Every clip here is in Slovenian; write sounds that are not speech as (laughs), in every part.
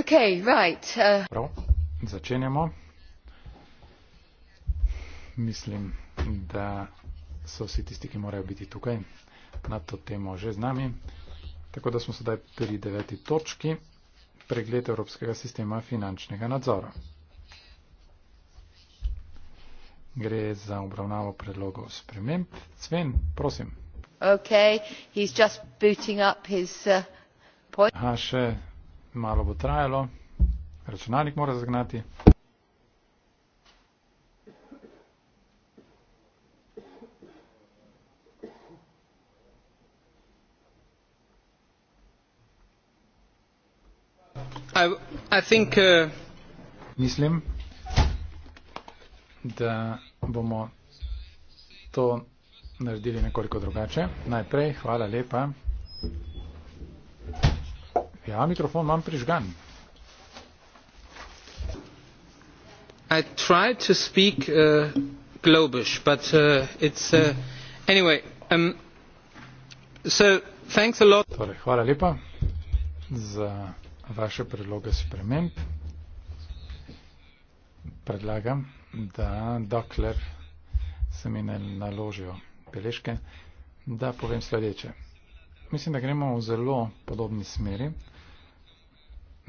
Uh, prav začenjamo mislim da so vsi tisti ki morajo biti tukaj na to temo že z nami tako da smo sedaj pri deveti točki pregled evropskega sistema finančnega nadzora gre za obravnavo predlogov sprememb Sven prosim okay, he's just booting up his, uh, point. Aha, še malo bo trajalo, računalnik mora zagnati. I, I think, uh... Mislim, da bomo to naredili nekoliko drugače. Najprej, hvala lepa. Ja, mikrofon imam prižgan. I try to speak uh, globish, but uh, it's uh, anyway. Um, so thanks a lot. Torej, hvala lepa za vaše predloge sprememb. Predlagam, da dokler se mi ne naložijo beležke, da povem sledeče. Mislim, da gremo v zelo podobni smeri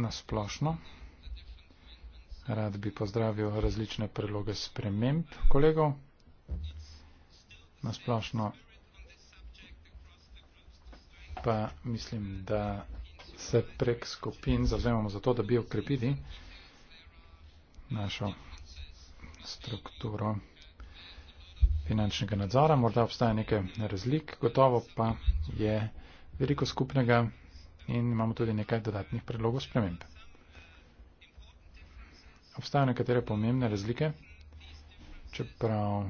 na splošno. Rad bi pozdravil različne predloge sprememb kolegov. Na splošno pa mislim, da se prek skupin zavzemamo za to, da bi okrepili našo strukturo finančnega nadzora. Morda obstaja nekaj razlik, gotovo pa je veliko skupnega in imamo tudi nekaj dodatnih predlogov sprememb. Obstajajo nekatere pomembne razlike, čeprav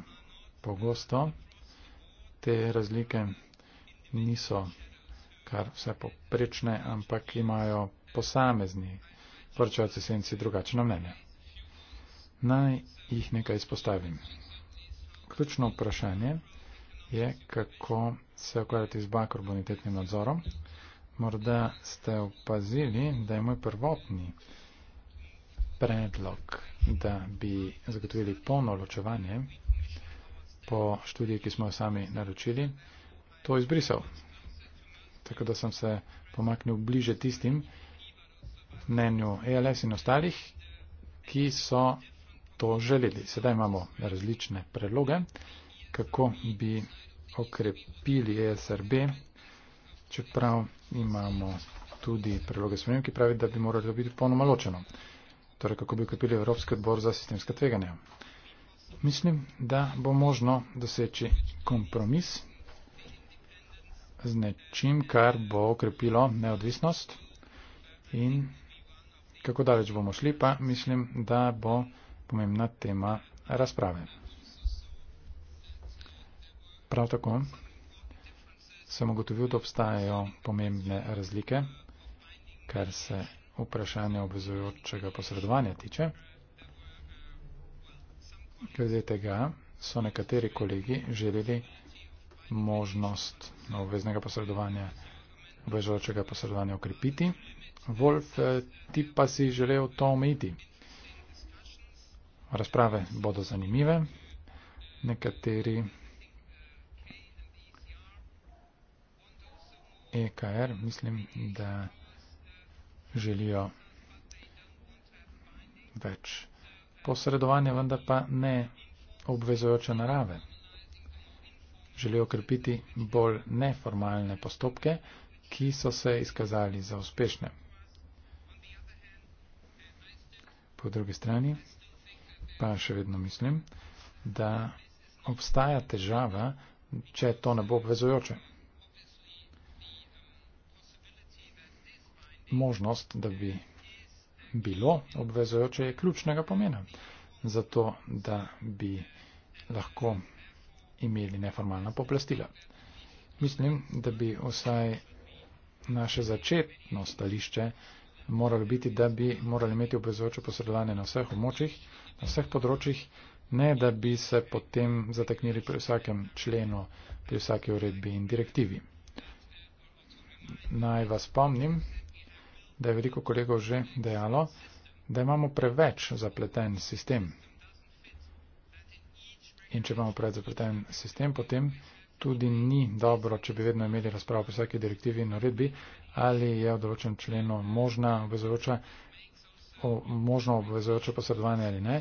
pogosto te razlike niso kar vse poprečne, ampak imajo posamezni poročevalci senci drugačno mnenje. Naj jih nekaj izpostavim. Ključno vprašanje je, kako se ukvarjati z bakrobonitetnim nadzorom. Morda ste opazili, da je moj prvotni predlog, da bi zagotovili polno ločevanje po študiji, ki smo jo sami naročili, to izbrisal. Tako da sem se pomaknil bliže tistim mnenju ELS in ostalih, ki so to želeli. Sedaj imamo različne predloge, kako bi okrepili ESRB, čeprav imamo tudi predloge sprememb, ki pravi, da bi morali to biti polno maločeno. Torej, kako bi ukrepili Evropski odbor za sistemska tveganja. Mislim, da bo možno doseči kompromis z nečim, kar bo okrepilo neodvisnost in kako daleč bomo šli, pa mislim, da bo pomembna tema razprave. Prav tako sem ugotovil, da obstajajo pomembne razlike, kar se vprašanja obvezujočega posredovanja tiče. Glede tega so nekateri kolegi želeli možnost obveznega posredovanja, obvezujočega posredovanja okrepiti. Wolf, ti pa si želel to omejiti. Razprave bodo zanimive. Nekateri EKR, mislim, da želijo več posredovanja, vendar pa ne obvezojoče narave. Želijo krepiti bolj neformalne postopke, ki so se izkazali za uspešne. Po drugi strani pa še vedno mislim, da obstaja težava, če to ne bo obvezojoče. možnost, da bi bilo obvezojoče, je ključnega pomena. Zato, da bi lahko imeli neformalna poplastila. Mislim, da bi vsaj naše začetno stališče moralo biti, da bi morali imeti obvezujoče posredovanje na vseh območjih, na vseh področjih, ne da bi se potem zateknili pri vsakem členu, pri vsaki uredbi in direktivi. Naj vas spomnim, da je veliko kolegov že dejalo, da imamo preveč zapleten sistem. In če imamo preveč zapleten sistem, potem tudi ni dobro, če bi vedno imeli razpravo po vsaki direktivi in uredbi, ali je v določenem členu možna obvezujoča, možno obvezujoča posredovanje ali ne.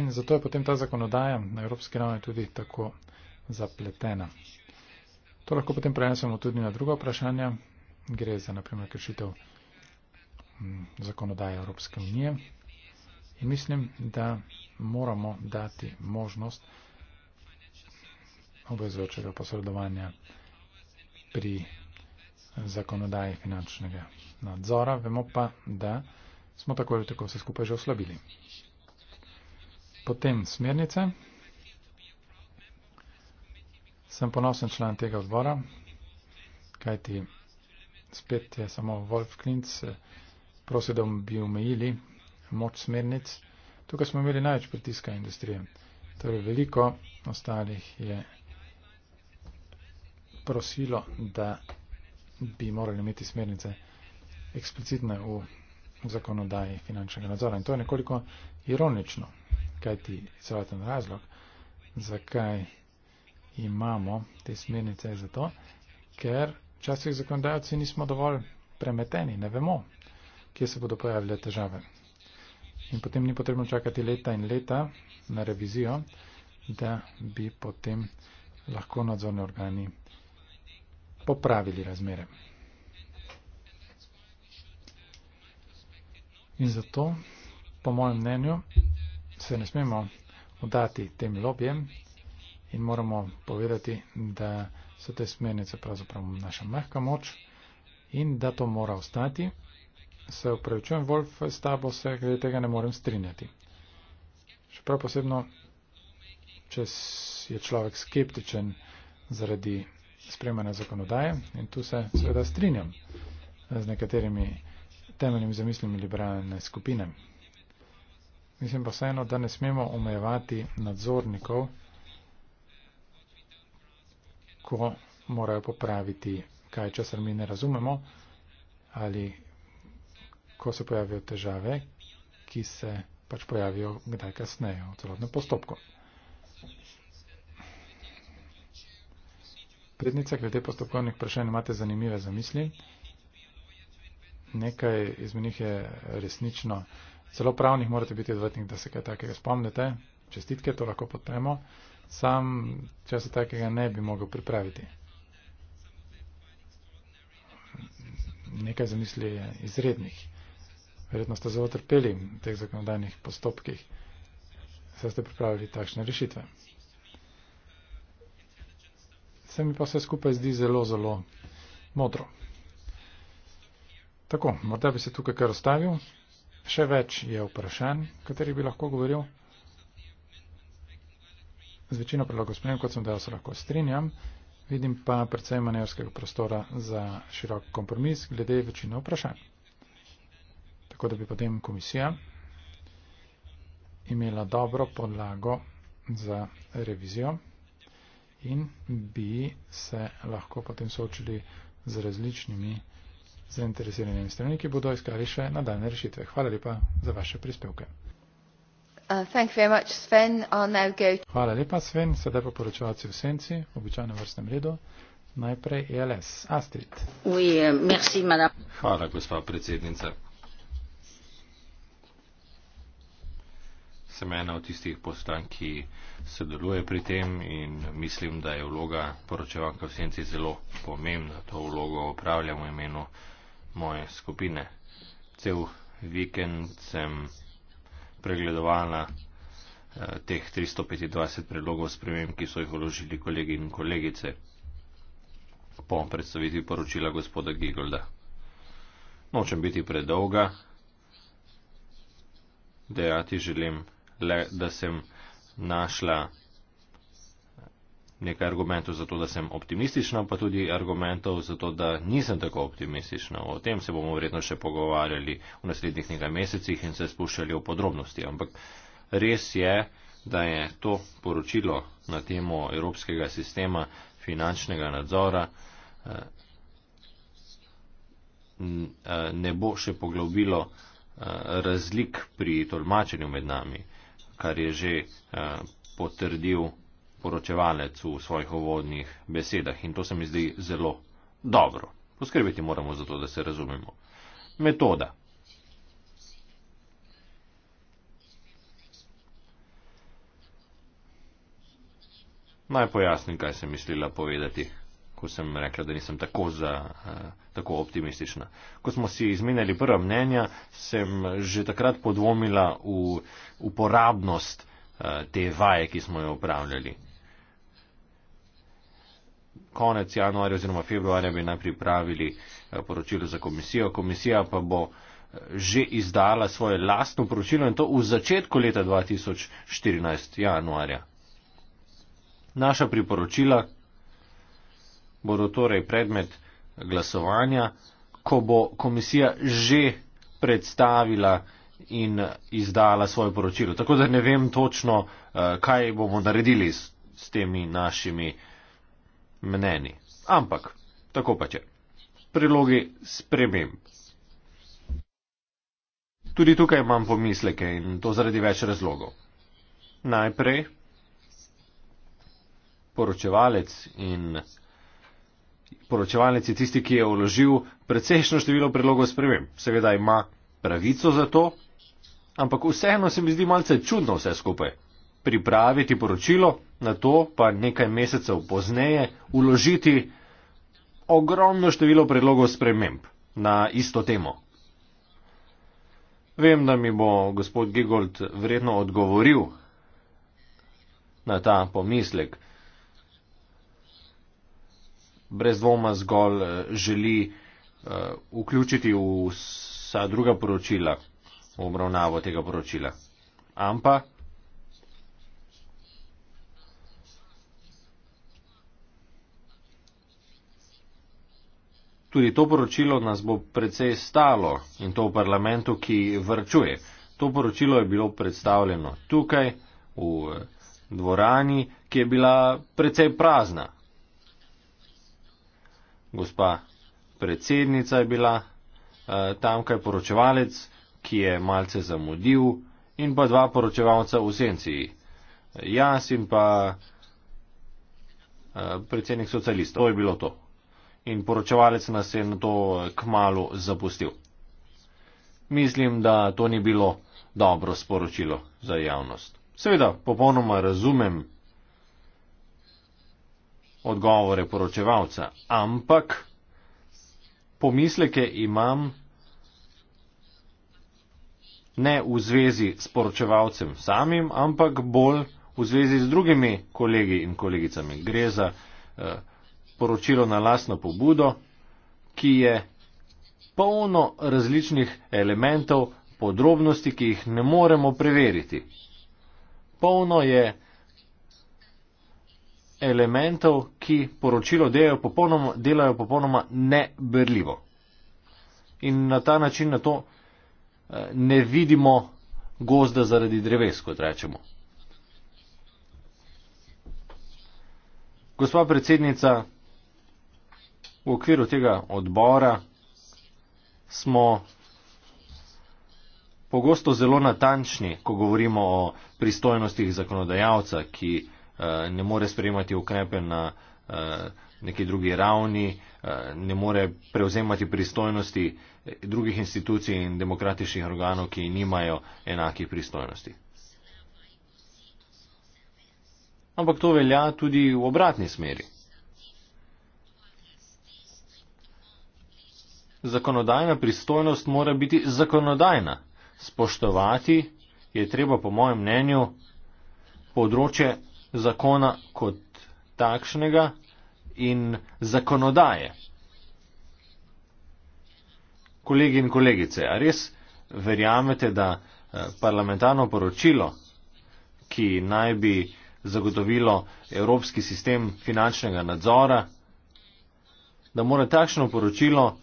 In zato je potem ta zakonodaja na evropski ravni tudi tako zapletena. To lahko potem prenesemo tudi na druga vprašanja. Gre za, naprimer, kršitev. Mm, zakonodaje Evropske unije in mislim, da moramo dati možnost obvezujočega posredovanja pri zakonodaji finančnega nadzora. Vemo pa, da smo tako ali tako vse skupaj že oslabili. Potem smernice. Sem ponosen član tega odbora, kajti spet je samo Wolf Klintz prosil, da bi omejili moč smernic. Tukaj smo imeli največ pritiska industrije. Torej veliko ostalih je prosilo, da bi morali imeti smernice eksplicitne v zakonodaji finančnega nadzora. In to je nekoliko ironično, kajti celoten razlog, zakaj imamo te smernice, je zato, ker včasih zakonodajci nismo dovolj premeteni, ne vemo, kje se bodo pojavile težave. In potem ni potrebno čakati leta in leta na revizijo, da bi potem lahko nadzorni organi popravili razmere. In zato, po mojem mnenju, se ne smemo odati tem lobijem in moramo povedati, da so te smernice pravzaprav naša mehka moč in da to mora ostati Se upravičujem, Wolf, s tabo se glede tega ne morem strinjati. Še prav posebno, če je človek skeptičen zaradi spremljanja zakonodaje in tu se seveda strinjam z nekaterimi temeljnimi zamislimi liberalne skupine. Mislim pa vseeno, da ne smemo omejevati nadzornikov, ko morajo popraviti kaj, česar mi ne razumemo ali ko se pojavijo težave, ki se pač pojavijo kdaj kasneje v celotnem postopku. Prednica, glede postopkovnih vprašanj imate zanimive zamisli. Nekaj izmed njih je resnično. Celo pravnih morate biti odvetnik, da se kaj takega spomnite. Čestitke, to lahko podpremo. Sam časa takega ne bi mogel pripraviti. Nekaj zamisli je izrednih. Verjetno ste zelo trpeli v teh zakonodajnih postopkih. Se ste pripravili takšne rešitve. Se mi pa vse skupaj zdi zelo, zelo modro. Tako, morda bi se tukaj kar ostavil. Še več je vprašanj, katerih bi lahko govoril. Z večino predlogov sprejem, kot sem dejal, se lahko strinjam. Vidim pa predvsem manevrskega prostora za širok kompromis glede večine vprašanj tako da bi potem komisija imela dobro podlago za revizijo in bi se lahko potem soočili z različnimi zainteresiranimi stranmi, ki bodo iskali še nadaljne rešitve. Hvala lepa za vaše prispevke. Uh, Hvala lepa, Sven. Sedaj pa poročevalci v senci, v običajnem vrstnem redu. Najprej ELS. Astrid. Euh, Hvala, gospa predsednica. sem ena od tistih postanj, ki sodeluje pri tem in mislim, da je vloga poročevanka v senci zelo pomembna. To vlogo opravljam v imenu moje skupine. Cel vikend sem pregledovala eh, teh 325 predlogov sprememb, ki so jih vložili kolegi in kolegice po predstavitvi poročila gospoda Gigolda. Nočem biti predolga, dejati želim le, da sem našla nekaj argumentov za to, da sem optimistična, pa tudi argumentov za to, da nisem tako optimistična. O tem se bomo vredno še pogovarjali v naslednjih nekaj mesecih in se spuščali v podrobnosti. Ampak res je, da je to poročilo na temo evropskega sistema finančnega nadzora eh, eh, ne bo še poglobilo eh, razlik pri tolmačenju med nami kar je že eh, potrdil poročevalec v svojih uvodnih besedah in to se mi zdi zelo dobro. Poskrbeti moramo za to, da se razumemo. Metoda. Naj pojasnim, kaj sem mislila povedati ko sem rekla, da nisem tako, za, eh, tako optimistična. Ko smo si izmenjali prva mnenja, sem že takrat podvomila v uporabnost eh, te vaje, ki smo jo upravljali. Konec januarja oziroma februarja bi naj pripravili eh, poročilo za komisijo. Komisija pa bo že izdala svoje lastno poročilo in to v začetku leta 2014 januarja. Naša priporočila, bodo torej predmet glasovanja, ko bo komisija že predstavila in izdala svoje poročilo. Tako da ne vem točno, eh, kaj bomo naredili s, s temi našimi mneni. Ampak, tako pa če. Prilogi sprememb. Tudi tukaj imam pomisleke in to zaradi več razlogov. Najprej, poročevalec in poročevalnici je tisti, ki je uložil precejšno število predlogov sprememb. Seveda ima pravico za to, ampak vseeno se mi zdi malce čudno vse skupaj. Pripraviti poročilo, na to pa nekaj mesecev pozneje uložiti ogromno število predlogov sprememb na isto temo. Vem, da mi bo gospod Gigold vredno odgovoril na ta pomislek brez dvoma zgolj eh, želi eh, vključiti v vsa druga poročila, v obravnavo tega poročila. Ampak. Tudi to poročilo nas bo precej stalo in to v parlamentu, ki vrčuje. To poročilo je bilo predstavljeno tukaj, v eh, dvorani, ki je bila precej prazna gospa predsednica je bila eh, tamkaj poročevalec, ki je malce zamudil, in pa dva poročevalca v senci. Jaz in pa eh, predsednik socialist. To je bilo to. In poročevalec nas je na to eh, kmalo zapustil. Mislim, da to ni bilo dobro sporočilo za javnost. Seveda, popolnoma razumem, odgovore poročevalca, ampak pomisleke imam ne v zvezi s poročevalcem samim, ampak bolj v zvezi z drugimi kolegi in kolegicami. Gre za eh, poročilo na lasno pobudo, ki je polno različnih elementov, podrobnosti, ki jih ne moremo preveriti. Polno je eh, elementov, ki poročilo delajo popolnoma, delajo popolnoma neberljivo. In na ta način na to eh, ne vidimo gozda zaradi dreves, kot rečemo. Gospa predsednica, v okviru tega odbora smo pogosto zelo natančni, ko govorimo o pristojnostih zakonodajalca, ki Eh, ne more sprejemati ukrepe na eh, neki drugi ravni, eh, ne more prevzemati pristojnosti drugih institucij in demokratičnih organov, ki nimajo enakih pristojnosti. Ampak to velja tudi v obratni smeri. Zakonodajna pristojnost mora biti zakonodajna. Spoštovati je treba, po mojem mnenju, področje zakona kot takšnega in zakonodaje. Kolegi in kolegice, a res verjamete, da eh, parlamentarno poročilo, ki naj bi zagotovilo evropski sistem finančnega nadzora, da mora takšno poročilo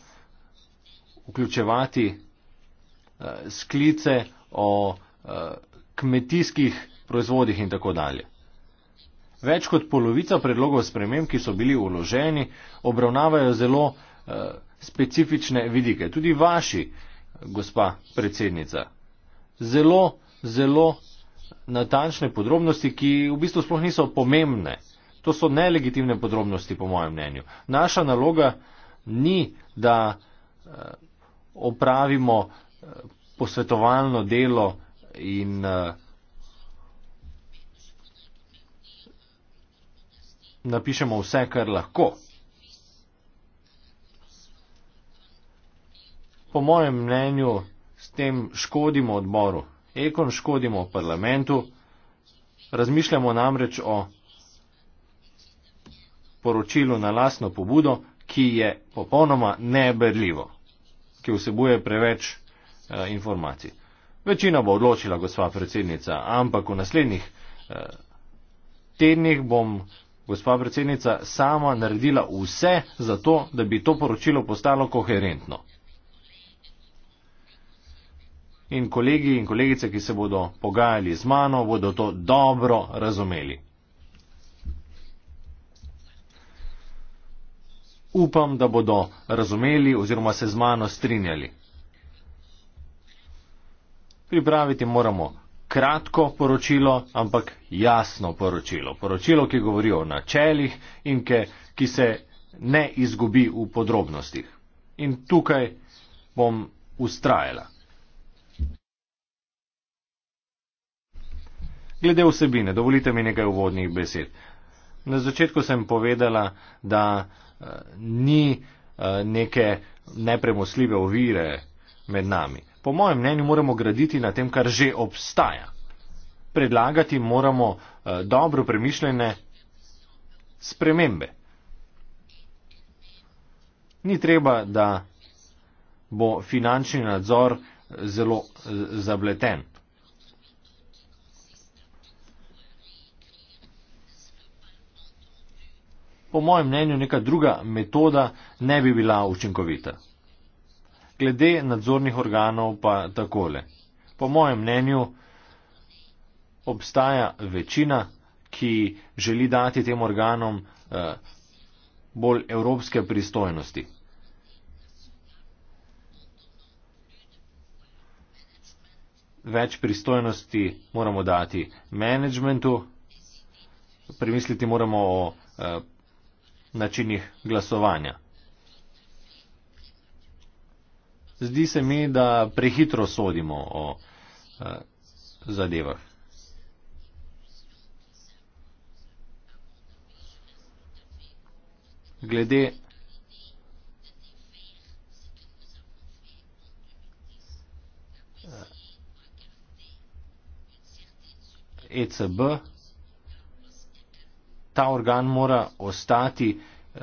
vključevati eh, sklice o eh, kmetijskih proizvodih in tako dalje. Več kot polovica predlogov sprememb, ki so bili uloženi, obravnavajo zelo eh, specifične vidike. Tudi vaši, gospa predsednica. Zelo, zelo natančne podrobnosti, ki v bistvu sploh niso pomembne. To so nelegitimne podrobnosti, po mojem mnenju. Naša naloga ni, da eh, opravimo eh, posvetovalno delo in eh, napišemo vse, kar lahko. Po mojem mnenju s tem škodimo odboru, ekon škodimo parlamentu, razmišljamo namreč o poročilu na lasno pobudo, ki je popolnoma neberljivo, ki vsebuje preveč eh, informacij. Večina bo odločila, gospa predsednica, ampak v naslednjih eh, tednih bom gospa predsednica sama naredila vse za to, da bi to poročilo postalo koherentno. In kolegi in kolegice, ki se bodo pogajali z mano, bodo to dobro razumeli. Upam, da bodo razumeli oziroma se z mano strinjali. Pripraviti moramo kratko poročilo, ampak jasno poročilo. Poročilo, ki govori o načeljih in ke, ki se ne izgubi v podrobnostih. In tukaj bom ustrajala. Glede vsebine, dovolite mi nekaj uvodnih besed. Na začetku sem povedala, da eh, ni eh, neke nepremosljive ovire med nami po mojem mnenju moramo graditi na tem, kar že obstaja. Predlagati moramo eh, dobro premišljene spremembe. Ni treba, da bo finančni nadzor eh, zelo eh, zableten. Po mojem mnenju neka druga metoda ne bi bila učinkovita. Glede nadzornih organov pa takole. Po mojem mnenju obstaja večina, ki želi dati tem organom eh, bolj evropske pristojnosti. Več pristojnosti moramo dati menedžmentu, premisliti moramo o eh, načinih glasovanja. zdi se mi, da prehitro sodimo o uh, zadevah. Glede ECB, ta organ mora ostati uh,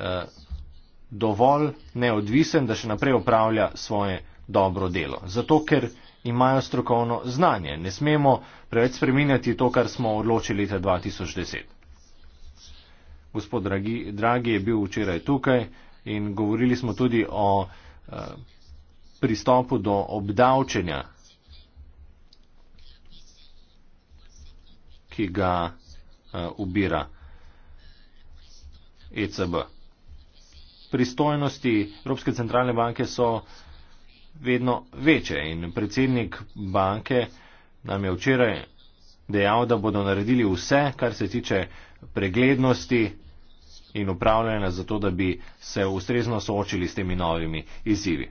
dovolj neodvisen, da še naprej opravlja svoje dobro delo. Zato, ker imajo strokovno znanje. Ne smemo preveč spreminjati to, kar smo odločili leta 2010. Gospod Dragi, Dragi je bil včeraj tukaj in govorili smo tudi o eh, pristopu do obdavčenja, ki ga eh, ubira ECB pristojnosti Evropske centralne banke so vedno večje in predsednik banke nam je včeraj dejal, da bodo naredili vse, kar se tiče preglednosti in upravljanja za to, da bi se ustrezno soočili s temi novimi izzivi.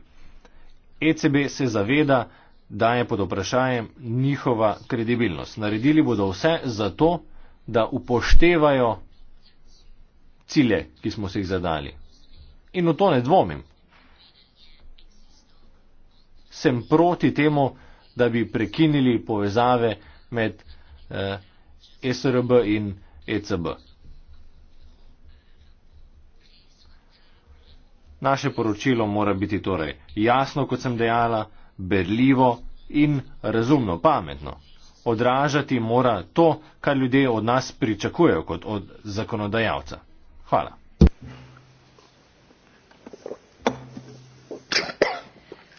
ECB se zaveda, da je pod vprašanjem njihova kredibilnost. Naredili bodo vse za to, da upoštevajo cilje, ki smo se jih zadali. In v to ne dvomim. Sem proti temu, da bi prekinili povezave med eh, SRB in ECB. Naše poročilo mora biti torej jasno, kot sem dejala, berljivo in razumno, pametno. Odražati mora to, kar ljudje od nas pričakujejo kot od zakonodajalca. Hvala.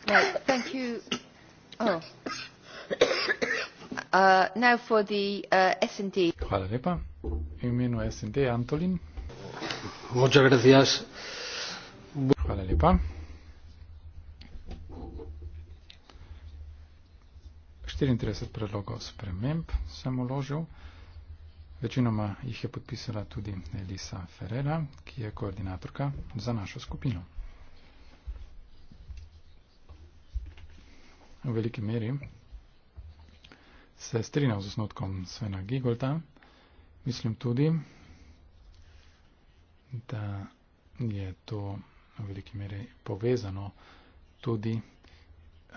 Right, thank you. Oh. Uh, now for the uh, S&D. Hvala lepa. Imenu S&D, Antolin. Muchas gracias. Hvala lepa. Štiriintrideset predlogov sprememb sem uložil. Večinoma jih je podpisala tudi Elisa Ferrera, ki je koordinatorka za našo skupino. v veliki meri se strinjal z osnotkom Svena Gigolta. Mislim tudi, da je to v veliki meri povezano tudi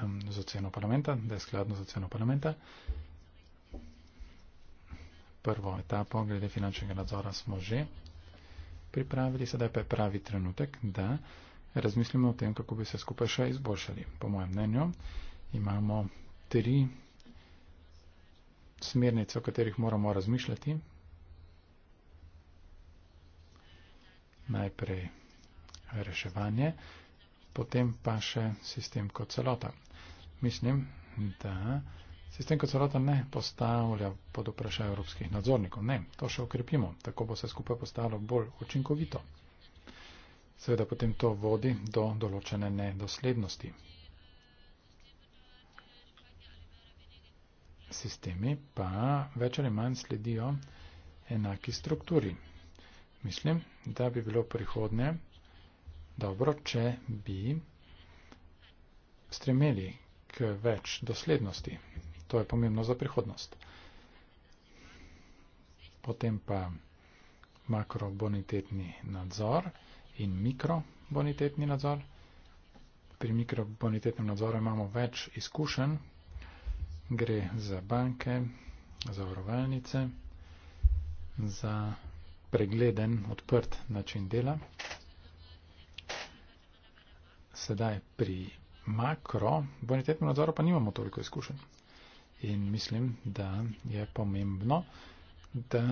um, z oceno parlamenta, da je skladno z oceno parlamenta. Prvo etapo glede finančnega nadzora smo že pripravili, sedaj pa je pravi trenutek, da razmislimo o tem, kako bi se skupaj še izboljšali. Po mojem mnenju, imamo tri smernice, o katerih moramo razmišljati. Najprej reševanje, potem pa še sistem kot celota. Mislim, da sistem kot celota ne postavlja pod vprašaj evropskih nadzornikov. Ne, to še ukrepimo. Tako bo se skupaj postalo bolj učinkovito. Seveda potem to vodi do določene nedoslednosti. sistemi pa več ali manj sledijo enaki strukturi. Mislim, da bi bilo prihodne dobro, če bi stremeli k več doslednosti. To je pomembno za prihodnost. Potem pa makrobonitetni nadzor in mikrobonitetni nadzor. Pri mikrobonitetnem nadzoru imamo več izkušenj, gre za banke, za vrovalnice, za pregleden, odprt način dela. Sedaj pri makro bonitetnem nadzoru pa nimamo toliko izkušenj. In mislim, da je pomembno, da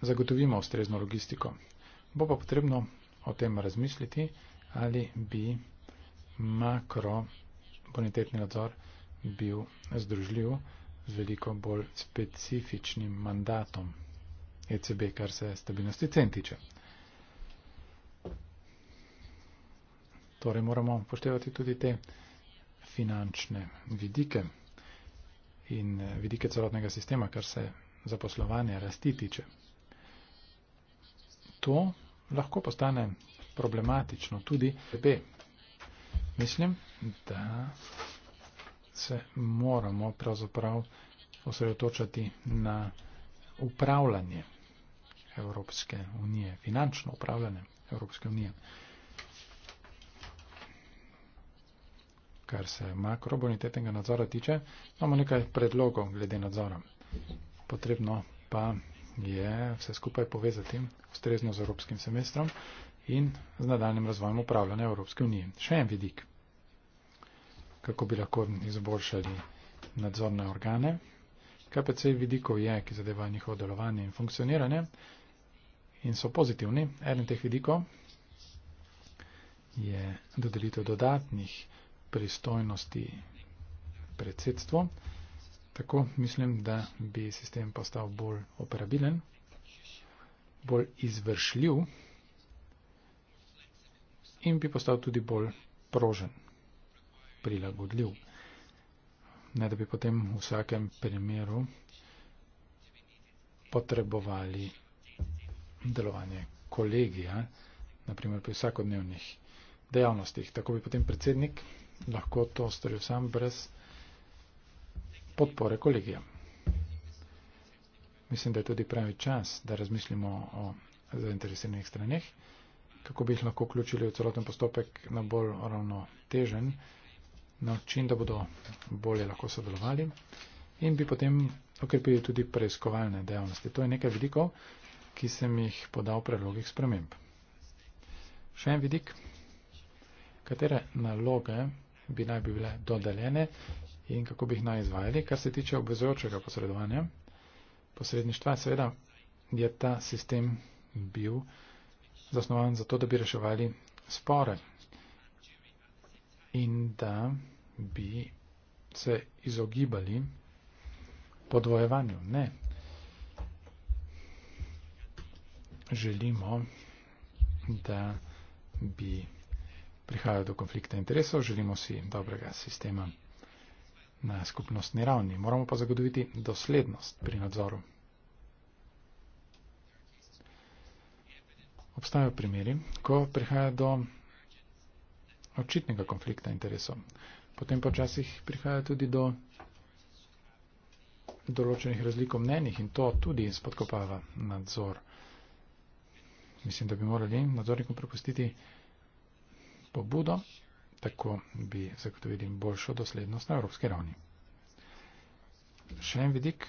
zagotovimo ustrezno logistiko. Bo pa potrebno o tem razmisliti, ali bi makro bonitetni nadzor bil združljiv z veliko bolj specifičnim mandatom ECB, kar se stabilnosti cen tiče. Torej moramo poštevati tudi te finančne vidike in eh, vidike celotnega sistema, kar se zaposlovanja rasti tiče. To lahko postane problematično tudi EB. Mislim, da se moramo pravzaprav osredotočati na upravljanje Evropske unije, finančno upravljanje Evropske unije. Kar se makrobonitetnega nadzora tiče, imamo nekaj predlogov glede nadzora. Potrebno pa je vse skupaj povezati ustrezno z Evropskim semestrom in z nadaljnim razvojem upravljanja Evropske unije. Še en vidik kako bi lahko izboljšali nadzorne organe. KPC vidikov je, ki zadeva njihovo delovanje in funkcioniranje in so pozitivni. Eden teh vidikov je dodelitev dodatnih pristojnosti predsedstvo. Tako mislim, da bi sistem postal bolj operabilen, bolj izvršljiv in bi postal tudi bolj prožen prilagodljiv. Ne da bi potem v vsakem primeru potrebovali delovanje kolegija, naprimer pri vsakodnevnih dejavnostih. Tako bi potem predsednik lahko to storil sam brez podpore kolegija. Mislim, da je tudi pravi čas, da razmislimo o zainteresiranih stranih, kako bi jih lahko vključili v celoten postopek na bolj ravno težen, način, da bodo bolje lahko sodelovali in bi potem okrepili tudi preiskovalne dejavnosti. To je nekaj vidikov, ki sem jih podal v predlogih sprememb. Še en vidik, katere naloge bi naj bi bile dodeljene in kako bi jih naj izvajali, kar se tiče obvezujočega posredovanja, posredništva, seveda je ta sistem bil zasnovan za to, da bi reševali spore in da bi se izogibali podvojevanju. Ne. Želimo, da bi prihajalo do konflikta interesov, želimo si dobrega sistema na skupnostni ravni. Moramo pa zagotoviti doslednost pri nadzoru. Obstajajo primeri, ko prihaja do očitnega konflikta interesov. Potem počasih prihaja tudi do določenih razlikov mnenjih in to tudi spodkopava nadzor. Mislim, da bi morali nadzornikom prepustiti pobudo, tako bi zagotovili boljšo doslednost na evropski ravni. Še en vidik,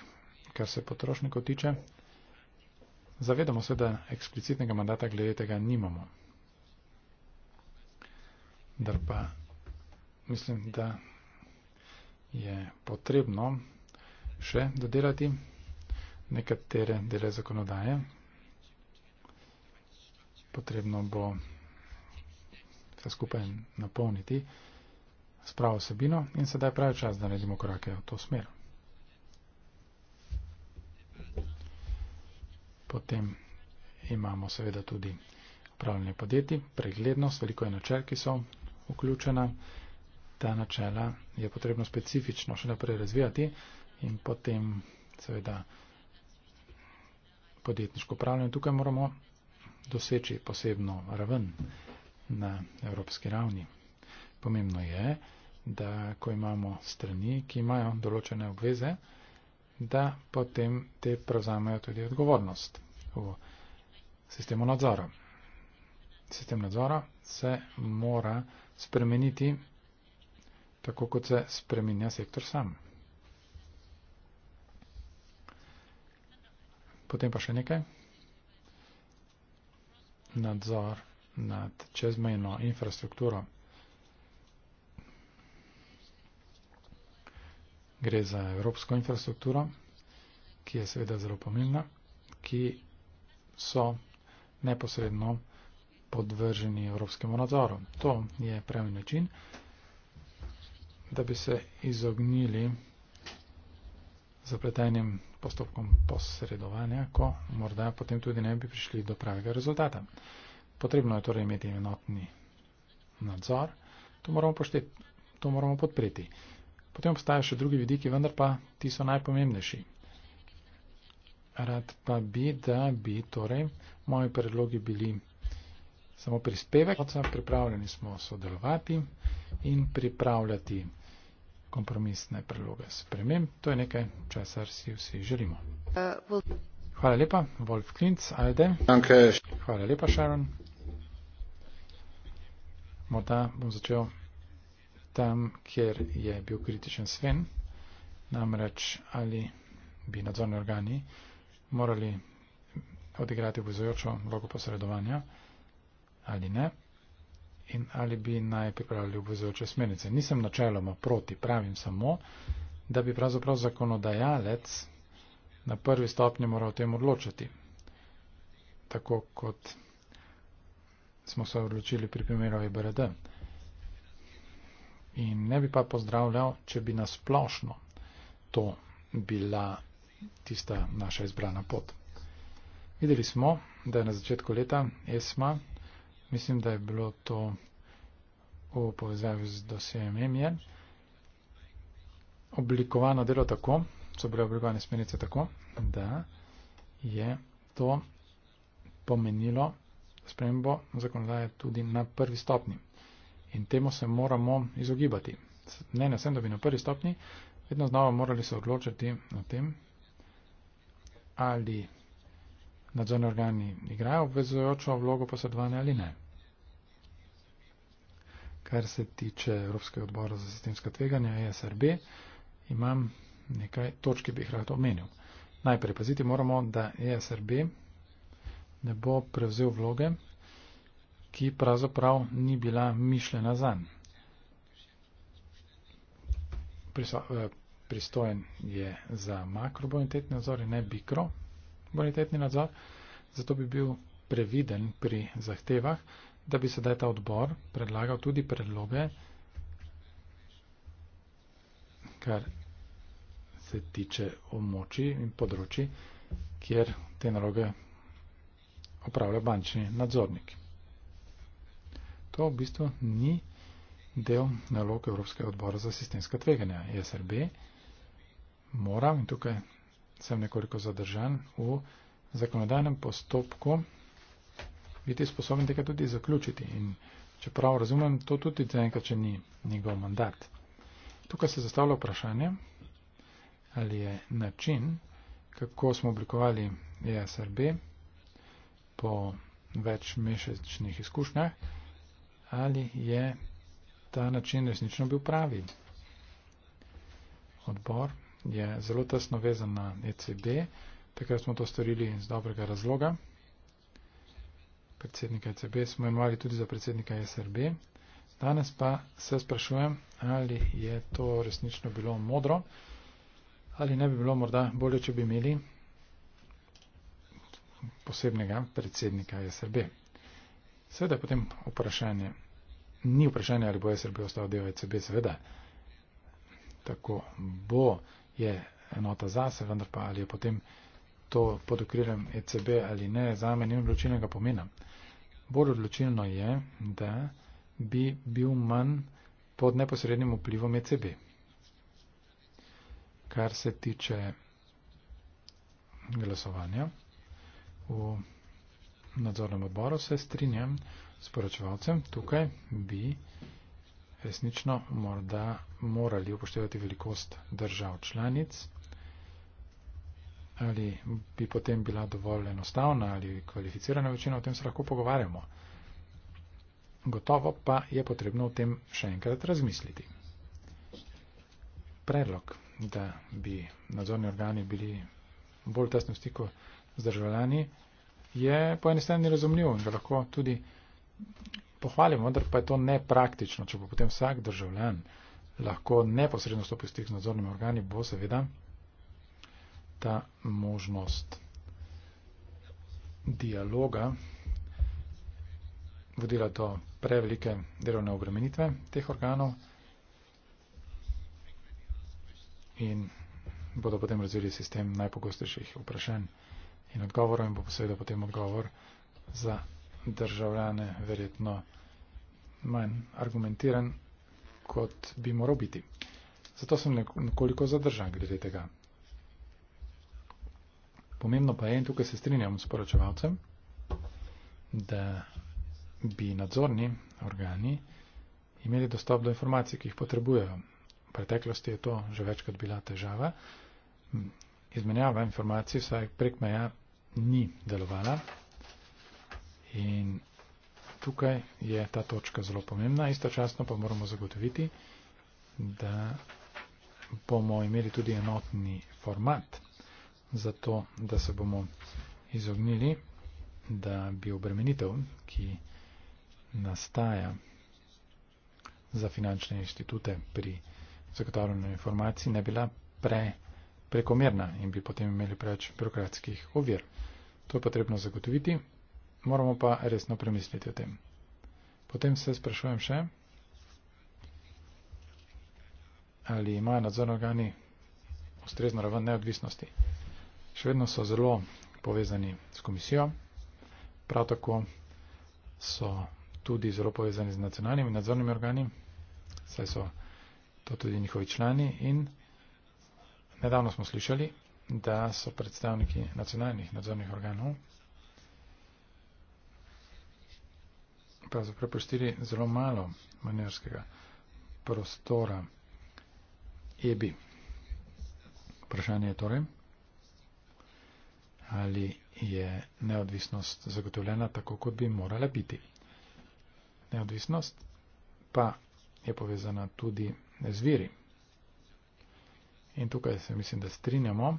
kar se potrošnikov tiče. Zavedamo se, da eksplicitnega mandata glede tega nimamo da pa mislim, da je potrebno še dodelati nekatere dele zakonodaje. Potrebno bo vse skupaj napolniti s pravo osebino in sedaj pravi čas, da naredimo korake v to smer. Potem imamo seveda tudi upravljanje podjetij, preglednost, veliko je načel, ki so vključena. Ta načela je potrebno specifično še naprej razvijati in potem seveda podjetniško upravljanje. Tukaj moramo doseči posebno raven na evropski ravni. Pomembno je, da ko imamo strani, ki imajo določene obveze, da potem te prevzamejo tudi odgovornost v sistemu nadzora. Sistem nadzora se mora spremeniti, tako kot se spremenja sektor sam. Potem pa še nekaj. Nadzor nad čezmejno infrastrukturo. Gre za evropsko infrastrukturo, ki je seveda zelo pomembna, ki so neposredno podvrženi evropskemu nadzoru. To je pravi način, da bi se izognili zapletenim postopkom posredovanja, ko morda potem tudi ne bi prišli do pravega rezultata. Potrebno je torej imeti enotni nadzor, to moramo, pošteti, to moramo podpreti. Potem obstajajo še drugi vidiki, vendar pa ti so najpomembnejši. Rad pa bi, da bi torej moji predlogi bili samo prispevek. Pripravljeni smo sodelovati in pripravljati kompromisne preloge sprememb. To je nekaj, česar si vsi želimo. Hvala lepa, Wolf Klinc, ajde. Hvala lepa, Sharon. Morda bom začel tam, kjer je bil kritičen Sven, namreč ali bi nadzorni organi morali odigrati obvezujočo vlogo posredovanja ali ne in ali bi naj pripravili obvezujoče smernice. Nisem načeloma proti, pravim samo, da bi pravzaprav zakonodajalec na prvi stopnji moral o tem odločati. Tako kot smo se odločili pri primeru IBRD. E in ne bi pa pozdravljal, če bi nasplošno to bila tista naša izbrana pot. Videli smo, da je na začetku leta ESMA Mislim, da je bilo to v povezavi z dosjejem EMI. Oblikovano delo tako, so bile oblikovane smernice tako, da je to pomenilo spremembo zakonodaje tudi na prvi stopni. In temu se moramo izogibati. Ne na vsem, da bi na prvi stopni vedno znova morali se odločiti o tem, ali nadzorni organi igrajo obvezujočo vlogo posredovanja ali ne. Kar se tiče Evropskega odbora za sistemska tveganja, ESRB, imam nekaj točk, ki bi jih rad omenil. Najprej paziti moramo, da ESRB ne bo prevzel vloge, ki pravzaprav ni bila mišljena zanj. Eh, pristojen je za makrobonitetne nadzore, ne mikro, bonitetni nadzor, zato bi bil previden pri zahtevah, da bi sedaj ta odbor predlagal tudi predloge, kar se tiče omoči in področji, kjer te naloge opravlja bančni nadzornik. To v bistvu ni del nalog Evropskega odbora za sistemska tveganja. ESRB mora, in tukaj sem nekoliko zadržan v zakonodajnem postopku, biti sposoben tega tudi zaključiti. In čeprav razumem, to tudi zaenkrat, če ni njegov mandat. Tukaj se zastavlja vprašanje, ali je način, kako smo oblikovali ESRB po večmesečnih izkušnjah, ali je ta način resnično bil pravi. Odbor je zelo tesno vezan na ECB. Takrat smo to storili iz dobrega razloga. Predsednika ECB smo imeli tudi za predsednika SRB. Danes pa se sprašujem, ali je to resnično bilo modro, ali ne bi bilo morda bolje, če bi imeli posebnega predsednika SRB. Seveda je potem vprašanje, ni vprašanje, ali bo SRB ostal del ECB, seveda. Tako bo je enota zase, vendar pa ali je potem to pod okrilem ECB ali ne, za me ni odločilnega pomena. Bolj odločilno je, da bi bil manj pod neposrednim vplivom ECB. Kar se tiče glasovanja v nadzornem odboru, se strinjam s poročevalcem, tukaj bi resnično morda morali upoštevati velikost držav članic ali bi potem bila dovolj enostavna ali kvalificirana večina, o tem se lahko pogovarjamo. Gotovo pa je potrebno o tem še enkrat razmisliti. Predlog, da bi nadzorni organi bili bolj tesno v stiku z državljani, je po eni strani razumljiv in ga lahko tudi pohvalim, vendar pa je to nepraktično. Če pa potem vsak državljan lahko neposredno stopi v stik z nadzornimi organi, bo seveda ta možnost dialoga vodila do prevelike delovne obremenitve teh organov in bodo potem razvili sistem najpogostejših vprašanj in odgovorov in bo seveda potem odgovor za državljane verjetno manj argumentiran, kot bi moral biti. Zato sem nekoliko zadržan glede tega. Pomembno pa je, in tukaj se strinjam s poročevalcem, da bi nadzorni organi imeli dostop do informacij, ki jih potrebujejo. V preteklosti je to že večkrat bila težava. Hm, izmenjava informacij vsaj prek meja ni delovala, In tukaj je ta točka zelo pomembna. Istočasno pa moramo zagotoviti, da bomo imeli tudi enotni format, zato da se bomo izognili, da bi obremenitev, ki nastaja za finančne inštitute pri zagotavljanju informacij, ne bila pre, prekomerna in bi potem imeli preveč birokratskih ovir. To je potrebno zagotoviti, moramo pa resno premisliti o tem. Potem se sprašujem še, ali imajo nadzorni organi ustrezno raven neodvisnosti. Še vedno so zelo povezani s komisijo, prav tako so tudi zelo povezani z nacionalnimi nadzornimi organi, saj so to tudi njihovi člani in nedavno smo slišali, da so predstavniki nacionalnih nadzornih organov pravzaprav poštiri zelo malo manjerskega prostora ebi. Vprašanje je torej, ali je neodvisnost zagotovljena tako, kot bi morala biti. Neodvisnost pa je povezana tudi z viri. In tukaj se mislim, da strinjamo,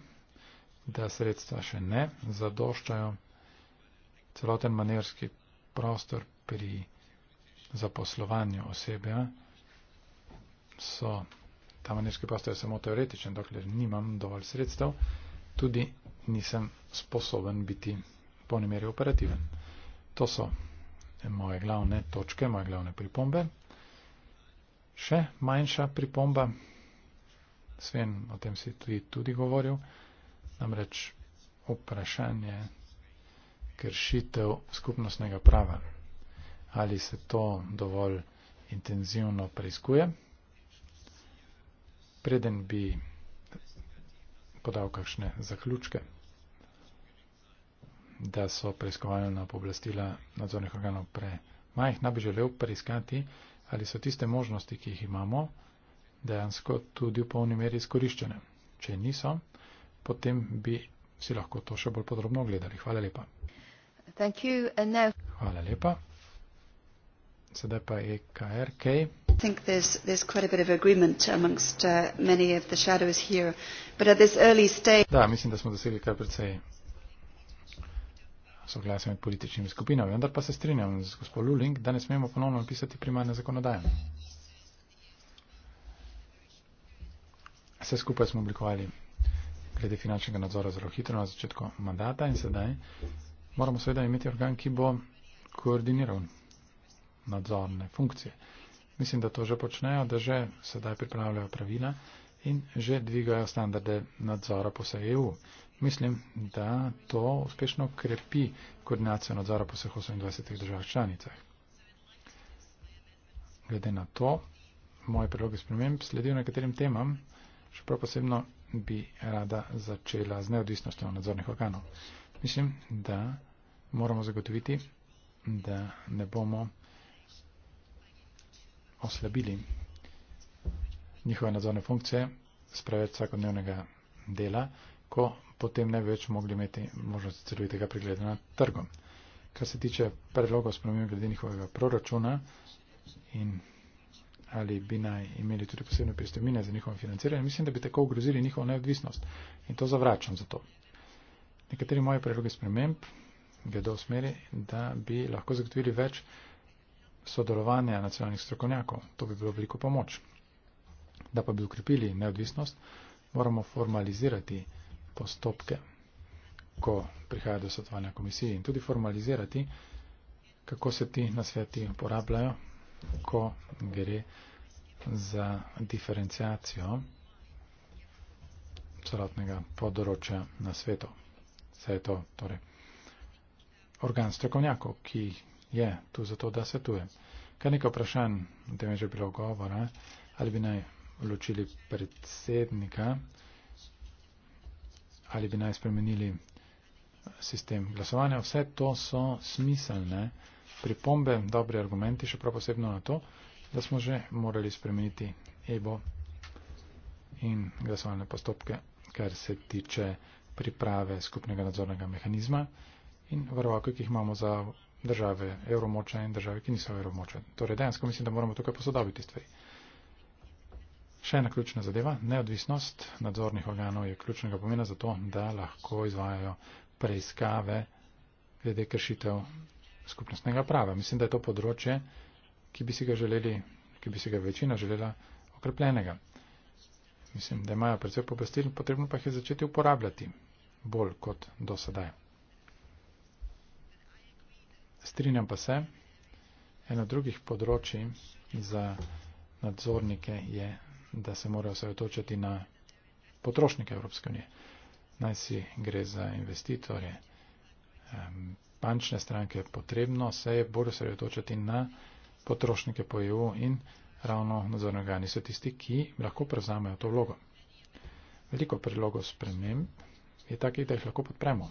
da sredstva še ne zadoščajo. Celoten manjerski prostor pri zaposlovanju osebja, so ta manjerski prostor je samo teoretičen, dokler nimam dovolj sredstev, tudi nisem sposoben biti v polni meri operativen. To so moje glavne točke, moje glavne pripombe. Še manjša pripomba, Sven, o tem si tudi, tudi govoril, namreč vprašanje kršitev skupnostnega prava. Ali se to dovolj intenzivno preizkuje? Preden bi podal kakšne zaključke, da so preiskovalna poblastila nadzornih organov premajhna, bi želel preiskati, ali so tiste možnosti, ki jih imamo, dejansko tudi v polni meri izkoriščene. Če niso, potem bi si lahko to še bolj podrobno ogledali. Hvala lepa. Thank you. And now Hvala lepa. Sedaj pa je KRK. I think there's, there's quite a bit of agreement amongst uh, many of the shadows here. But at this early stage... Da, mislim, da smo dosegli kar precej soglasja med političnimi skupinami. Vendar pa se strinjam z gospod Luling, da ne smemo ponovno napisati primarne zakonodaje. Vse skupaj smo oblikovali glede finančnega nadzora zelo hitro na začetku mandata in sedaj moramo seveda imeti organ, ki bo koordiniral nadzorne funkcije. Mislim, da to že počnejo, da že sedaj pripravljajo pravila in že dvigajo standarde nadzora po vsej EU. Mislim, da to uspešno krepi koordinacijo nadzora po vseh 28 držav članicah. Glede na to, moje predloge sprememb sledijo nekaterim temam, še prav posebno bi rada začela z neodvisnostjo nadzornih organov. Mislim, da moramo zagotoviti, da ne bomo oslabili njihove nadzorne funkcije s preveč vsakodnevnega dela, ko potem ne bi več mogli imeti možnosti celovitega pregleda na trgu. Kar se tiče predlogov spremenja glede njihovega proračuna in ali bi naj imeli tudi posebne pristojbine za njihovo financiranje, mislim, da bi tako ogrozili njihovo neodvisnost. In to zavračam zato. Nekateri moji predlogi sprememb gredo v smeri, da bi lahko zagotovili več sodelovanja nacionalnih strokovnjakov. To bi bilo veliko pomoč. Da pa bi ukrepili neodvisnost, moramo formalizirati postopke, ko prihaja do svetovanja komisije in tudi formalizirati, kako se ti nasveti uporabljajo, ko gre za diferencijacijo celotnega področja na svetu. Vse je to torej organ strokovnjakov, ki je tu zato, da svetuje. Kar nekaj vprašanj, o tem je že bilo govora, ali bi naj ločili predsednika, ali bi naj spremenili sistem glasovanja. Vse to so smiselne pripombe, dobri argumenti, še prav posebno na to, da smo že morali spremeniti EBO in glasovalne postopke, kar se tiče priprave skupnega nadzornega mehanizma in varovalke, ki jih imamo za države evromoča in države, ki niso evromoča. Torej, dejansko mislim, da moramo tukaj posodobiti stvari. Še ena ključna zadeva, neodvisnost nadzornih organov je ključnega pomena za to, da lahko izvajajo preiskave glede kršitev skupnostnega prava. Mislim, da je to področje, ki bi si ga želeli, ki bi si ga večina želela okrepljenega. Mislim, da imajo predvsej popestil, potrebno pa jih je začeti uporabljati bolj kot do sedaj strinjam pa se, eno drugih področij za nadzornike je, da se morajo osredotočiti na potrošnike Evropske unije. Naj si gre za investitorje, bančne stranke, potrebno se je bolj osredotočiti na potrošnike po EU in ravno nadzorni organi so tisti, ki lahko prevzamejo to vlogo. Veliko predlogov sprememb je takih, da jih lahko podpremo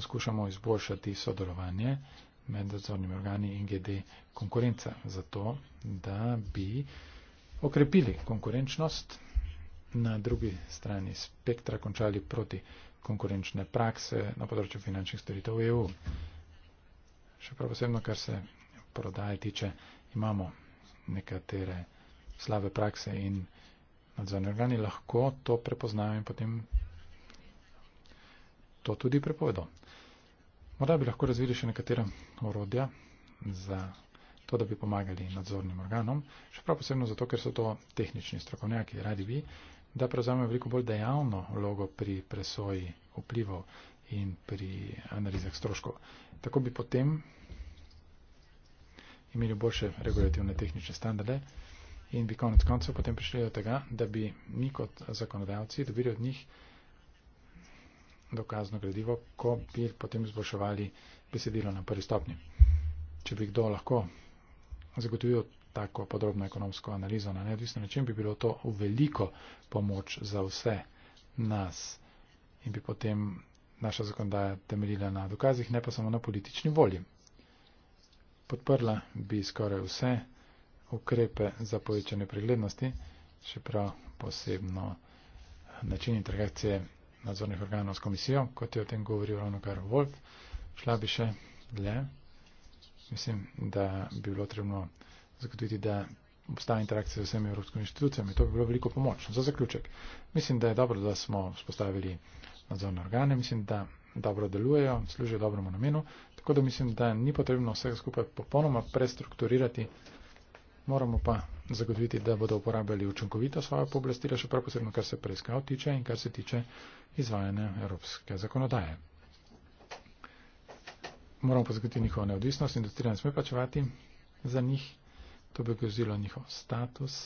poskušamo izboljšati sodelovanje med nadzornimi organi in glede konkurence, zato da bi okrepili konkurenčnost, na drugi strani spektra končali proti konkurenčne prakse na področju finančnih storitev v EU. Še prav posebno, kar se prodaje tiče, imamo nekatere slabe prakse in nadzorni organi lahko to prepoznajo in potem to tudi prepovedo. Morda bi lahko razvili še nekatera orodja za to, da bi pomagali nadzornim organom, še prav posebno zato, ker so to tehnični strokovnjaki, radi bi, da prevzamejo veliko bolj dejavno vlogo pri presoji vplivov in pri analizah stroškov. Tako bi potem imeli boljše regulativne tehnične standarde in bi konec koncev potem prišli do tega, da bi mi kot zakonodajalci dobili od njih dokazno gradivo, ko bi potem izboljševali besedilo na prvi stopni. Če bi kdo lahko zagotovil tako podrobno ekonomsko analizo na neodvisen način, bi bilo to v veliko pomoč za vse nas in bi potem naša zakonodaja temeljila na dokazih, ne pa samo na politični volji. Podprla bi skoraj vse ukrepe za povečanje preglednosti, še prav posebno način interakcije nadzornih organov s komisijo, kot je o tem govoril ravno kar Wolf, šla bi še dlje. Mislim, da bi bilo trebno zagotoviti, da obstaja interakcija z vsemi evropskimi inštitucijami. To bi bilo veliko pomoč. Za zaključek. Mislim, da je dobro, da smo spostavili nadzorne organe. Mislim, da dobro delujejo, služijo dobremu namenu. Tako da mislim, da ni potrebno vsega skupaj popolnoma prestrukturirati. Moramo pa zagotoviti, da bodo uporabljali učinkovito svoje pooblastila, še prav posebno, kar se preiskav tiče in kar se tiče izvajanja evropske zakonodaje. Moramo pozagati njihovo neodvisnost, industrija ne sme plačevati za njih, to bi grozilo njihov status.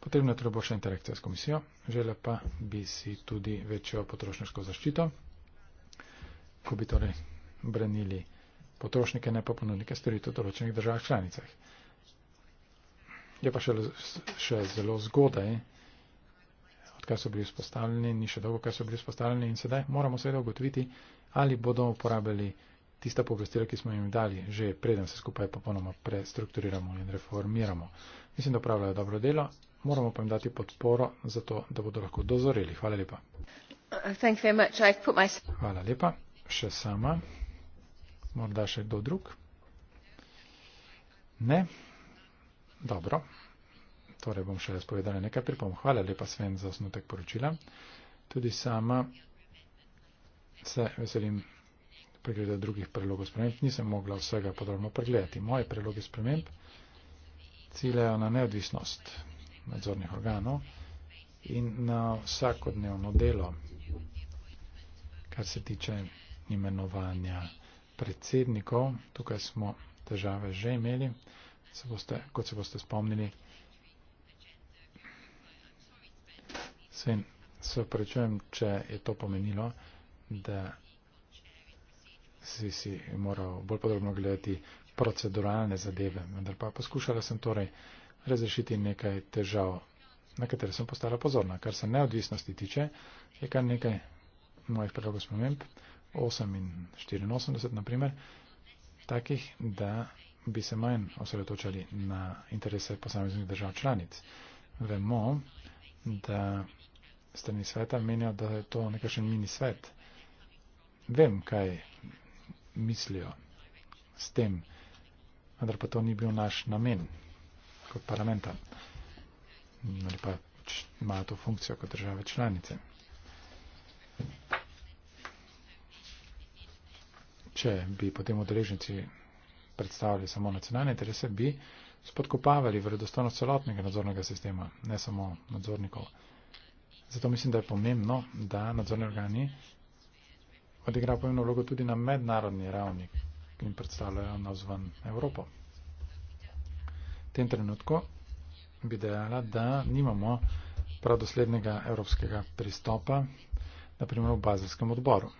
Potrebna je boljša interakcija s komisijo, žele pa bi si tudi večjo potrošniško zaščito, ko bi torej branili potrošnike, ne pa ponudnike storitev v določenih državah članicah je pa še, še zelo zgodaj, odkar so bili vzpostavljeni, ni še dolgo, kar so bili vzpostavljeni in sedaj moramo seveda ugotoviti, ali bodo uporabljali tista povestila, ki smo jim dali, že preden se skupaj popolnoma prestrukturiramo in reformiramo. Mislim, da upravljajo dobro delo, moramo pa jim dati podporo za to, da bodo lahko dozoreli. Hvala lepa. Hvala lepa. Še sama. Morda še kdo drug? Ne. Dobro. Torej bom še jaz povedala nekaj pripomb. Hvala lepa Sven za osnutek poročila. Tudi sama se veselim pregleda drugih prelogov sprememb. Nisem mogla vsega podrobno pregledati. Moje preloge sprememb ciljajo na neodvisnost nadzornih organov in na vsakodnevno delo, kar se tiče imenovanja predsednikov. Tukaj smo težave že imeli se boste, kot se boste spomnili. Sven, se opravičujem, če je to pomenilo, da si si moral bolj podrobno gledati proceduralne zadeve, vendar pa poskušala sem torej razrešiti nekaj težav, na katere sem postala pozorna. Kar se neodvisnosti tiče, je kar nekaj mojih predlogov sprememb, 8 in 84 naprimer, takih, da bi se manj osredotočali na interese posameznih držav članic. Vemo, da strani sveta menijo, da je to nekakšen mini svet. Vem, kaj mislijo s tem, vendar pa to ni bil naš namen kot parlamenta ali pa ima to funkcijo kot države članice. Če bi potem odreženci predstavljali samo nacionalne interese, bi spodkopavali vredostojnost celotnega nadzornega sistema, ne samo nadzornikov. Zato mislim, da je pomembno, da nadzorni organi odigrajo pomembno vlogo tudi na mednarodni ravni, ki jim predstavljajo na vzven Evropo. V tem trenutku bi dejala, da nimamo prav doslednega evropskega pristopa, naprimer v bazilskem odboru.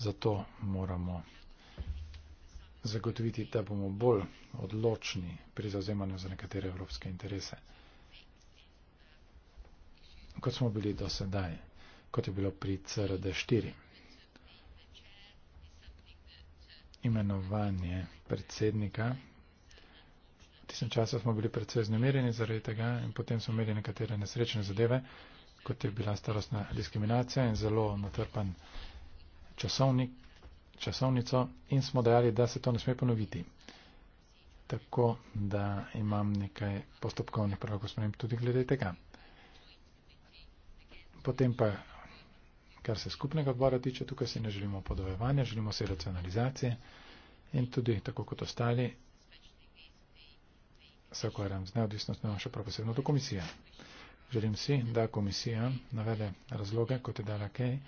Zato moramo zagotoviti, da bomo bolj odločni pri zazemanju za nekatere evropske interese, kot smo bili do sedaj, kot je bilo pri CRD4. Imenovanje predsednika. V tistem času smo bili predvsej znemirjeni zaradi tega in potem smo imeli nekatere nesrečne zadeve, kot je bila starostna diskriminacija in zelo natrpan časovnik, časovnico in smo dejali, da se to ne sme ponoviti. Tako da imam nekaj postopkovnih pravkov, spomnim tudi glede tega. Potem pa, kar se skupnega odbora tiče, tukaj si ne želimo podvojevanja, želimo se racionalizacije in tudi, tako kot ostali, se ukvarjam z neodvisnostjo, imam še prav posebno do komisije. Želim si, da komisija navede razloge, kot je dala Kej. Okay,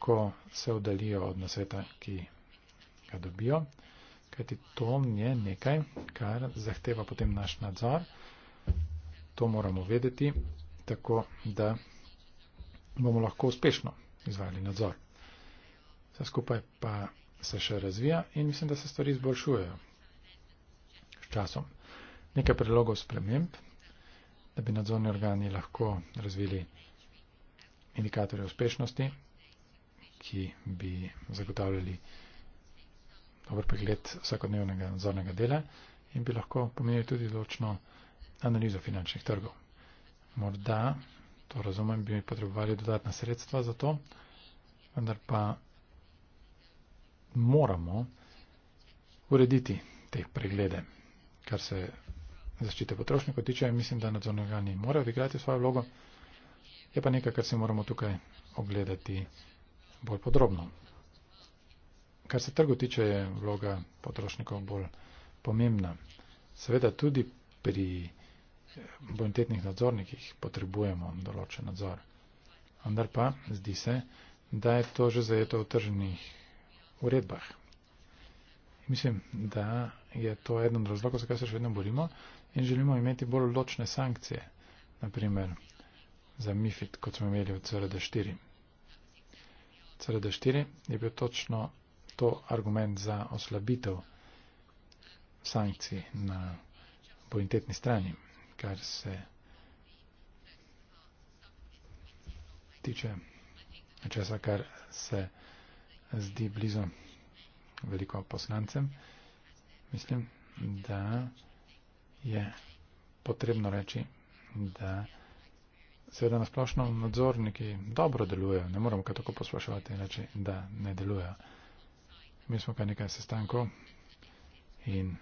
ko se oddalijo od nasveta, ki ga dobijo, kajti to je nekaj, kar zahteva potem naš nadzor. To moramo vedeti, tako da bomo lahko uspešno izvajali nadzor. Vse skupaj pa se še razvija in mislim, da se stvari izboljšujejo s časom. Nekaj predlogov sprememb, da bi nadzorni organi lahko razvili indikatorje uspešnosti, ki bi zagotavljali dober pregled vsakodnevnega nadzornega dela in bi lahko pomenili tudi določno analizo finančnih trgov. Morda, to razumem, bi potrebovali dodatna sredstva za to, vendar pa moramo urediti te preglede, kar se zaščite potrošnikov tiče. Mislim, da nadzorni organi morajo odigrati svojo vlogo, je pa nekaj, kar si moramo tukaj ogledati bolj podrobno. Kar se trgu tiče, je vloga potrošnikov bolj pomembna. Seveda tudi pri eh, bonitetnih nadzornikih potrebujemo določen nadzor. Vendar pa zdi se, da je to že zajeto v tržnih uredbah. Mislim, da je to eden od razlogov, zakaj se še vedno borimo in želimo imeti bolj ločne sankcije, naprimer za MIFID, kot smo imeli v CRD 4. CRD4 je bil točno to argument za oslabitev sankcij na bonitetni strani, kar se tiče česa, kar se zdi blizu veliko poslancem. Mislim, da je potrebno reči, da seveda nasplošno nadzorniki dobro delujejo, ne moramo ga tako poslušati, inače, da ne delujejo. Mi smo kar nekaj sestankov in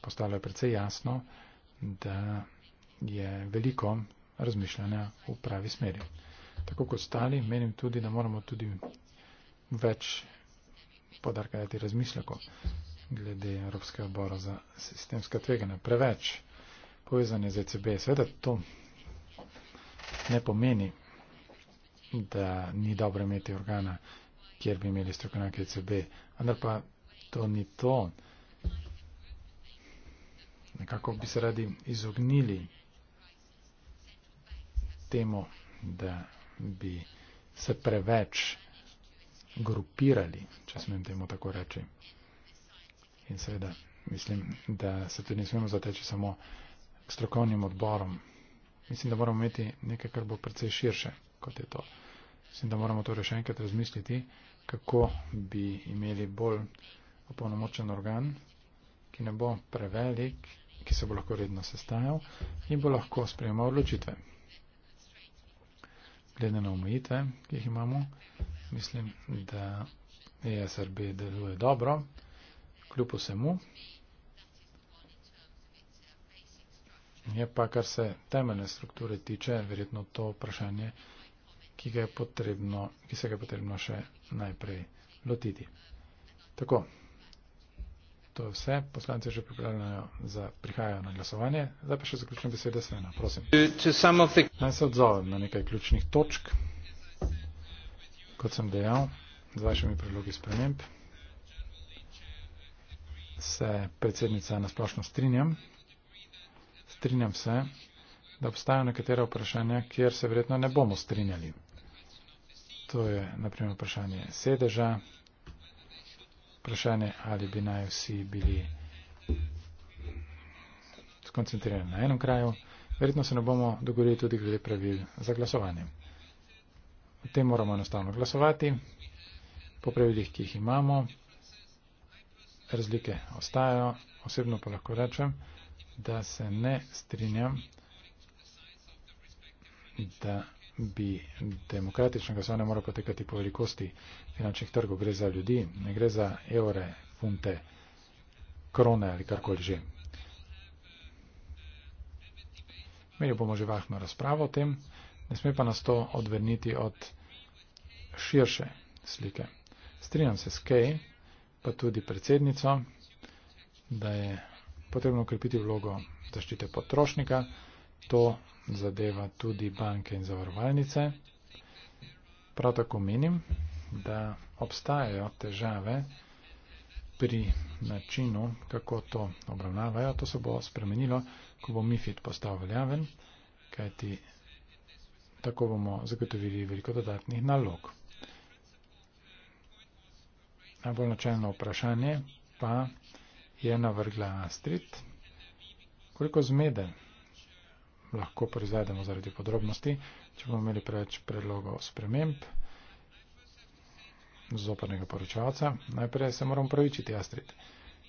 postalo je precej jasno, da je veliko razmišljanja v pravi smeri. Tako kot stali, menim tudi, da moramo tudi več podarka dati razmisleko glede Evropskega obora za sistemska tveganja. Preveč povezanje z ECB. Sveda to ne pomeni, da ni dobro imeti organa, kjer bi imeli strokovnjake ECB. Ampak pa to ni to. Nekako bi se radi izognili temu, da bi se preveč grupirali, če smem temu tako reči. In seveda mislim, da se tudi ne smemo zateči samo k strokovnim odborom, Mislim, da moramo imeti nekaj, kar bo precej širše kot je to. Mislim, da moramo torej še enkrat razmisliti, kako bi imeli bolj opolnomočen organ, ki ne bo prevelik, ki se bo lahko redno sestajal in bo lahko sprejemal odločitve. Glede na omejitve, ki jih imamo, mislim, da ESRB deluje dobro, kljub vsemu, Je pa, kar se temeljne strukture tiče, verjetno to vprašanje, ki, ga je potrebno, ki se ga je potrebno še najprej lotiti. Tako, to je vse. Poslanci že pripravljajo za prihajajo na glasovanje. Zdaj pa še zaključne besede Svena, prosim. Naj se odzovem na nekaj ključnih točk, kot sem dejal, z vašimi predlogi sprememb. Se predsednica na splošno strinjam strinjam se, da obstajajo nekatera vprašanja, kjer se verjetno ne bomo strinjali. To je naprimer vprašanje sedeža, vprašanje, ali bi naj vsi bili skoncentrirani na enem kraju. Verjetno se ne bomo dogovorili tudi glede pravil za glasovanje. O tem moramo enostavno glasovati, po pravilih, ki jih imamo. Razlike ostajajo, osebno pa lahko rečem, da se ne strinjam, da bi demokratično glasovanje moralo potekati po velikosti finančnih trgov. Gre za ljudi, ne gre za evre, funte, krone ali karkoli že. Imeli bomo že vahno razpravo o tem, ne sme pa nas to odvrniti od širše slike. Strinjam se s Kej, pa tudi predsednico, da je potrebno ukrepiti vlogo zaščite potrošnika. To zadeva tudi banke in zavarovalnice. Prav tako menim, da obstajajo težave pri načinu, kako to obravnavajo. To se bo spremenilo, ko bo MIFID postal veljaven, kajti tako bomo zagotovili veliko dodatnih nalog. Najbolj načelno vprašanje pa je, je navrgla Astrid. Koliko zmede lahko proizvedemo zaradi podrobnosti, če bomo imeli preveč predlogov sprememb zopernega poročavca? Najprej se moram pravičiti, Astrid.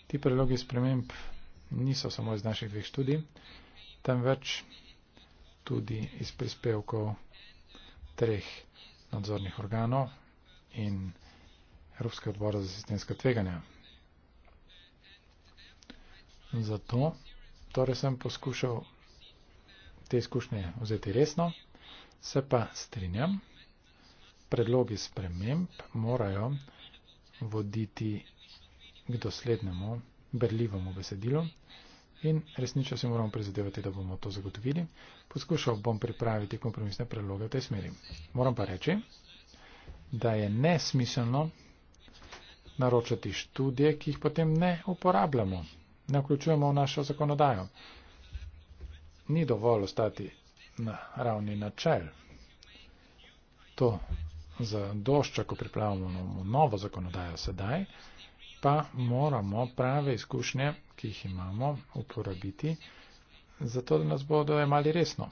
Ti predlogi sprememb niso samo iz naših dveh študij, temveč tudi iz prispevkov treh nadzornih organov in Evropskega odbora za sistemska tveganja. Zato torej sem poskušal te izkušnje vzeti resno, se pa strinjam, predlogi sprememb morajo voditi k doslednemu berljivemu besedilu in resnično si moramo prizadevati, da bomo to zagotovili. Poskušal bom pripraviti kompromisne predloge v tej smeri. Moram pa reči, da je nesmiselno naročati študije, ki jih potem ne uporabljamo ne vključujemo v našo zakonodajo. Ni dovolj ostati na ravni načel. To zadošča, ko pripravljamo novo zakonodajo sedaj, pa moramo prave izkušnje, ki jih imamo, uporabiti, zato da nas bodo imali resno.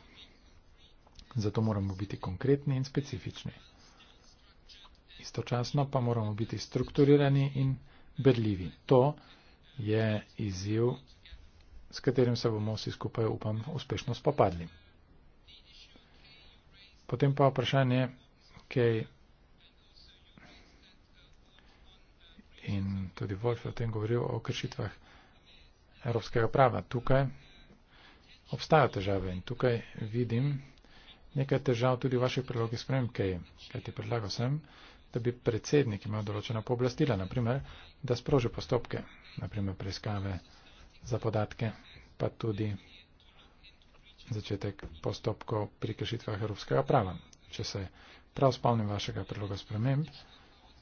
Zato moramo biti konkretni in specifični. Istočasno pa moramo biti strukturirani in berljivi. To je je izziv, s katerim se bomo vsi skupaj, upam, uspešno spopadli. Potem pa vprašanje, kaj in tudi Wolf je o tem govoril, o kršitvah evropskega prava. Tukaj obstajajo težave in tukaj vidim nekaj težav tudi v vaših predlogih sprememb, kaj, kaj ti predlagal sem, da bi predsednik imel določena pooblastila, naprimer, da sproži postopke, naprimer preiskave za podatke, pa tudi začetek postopkov pri kršitvah evropskega prava. Če se prav spomnim vašega predloga sprememb,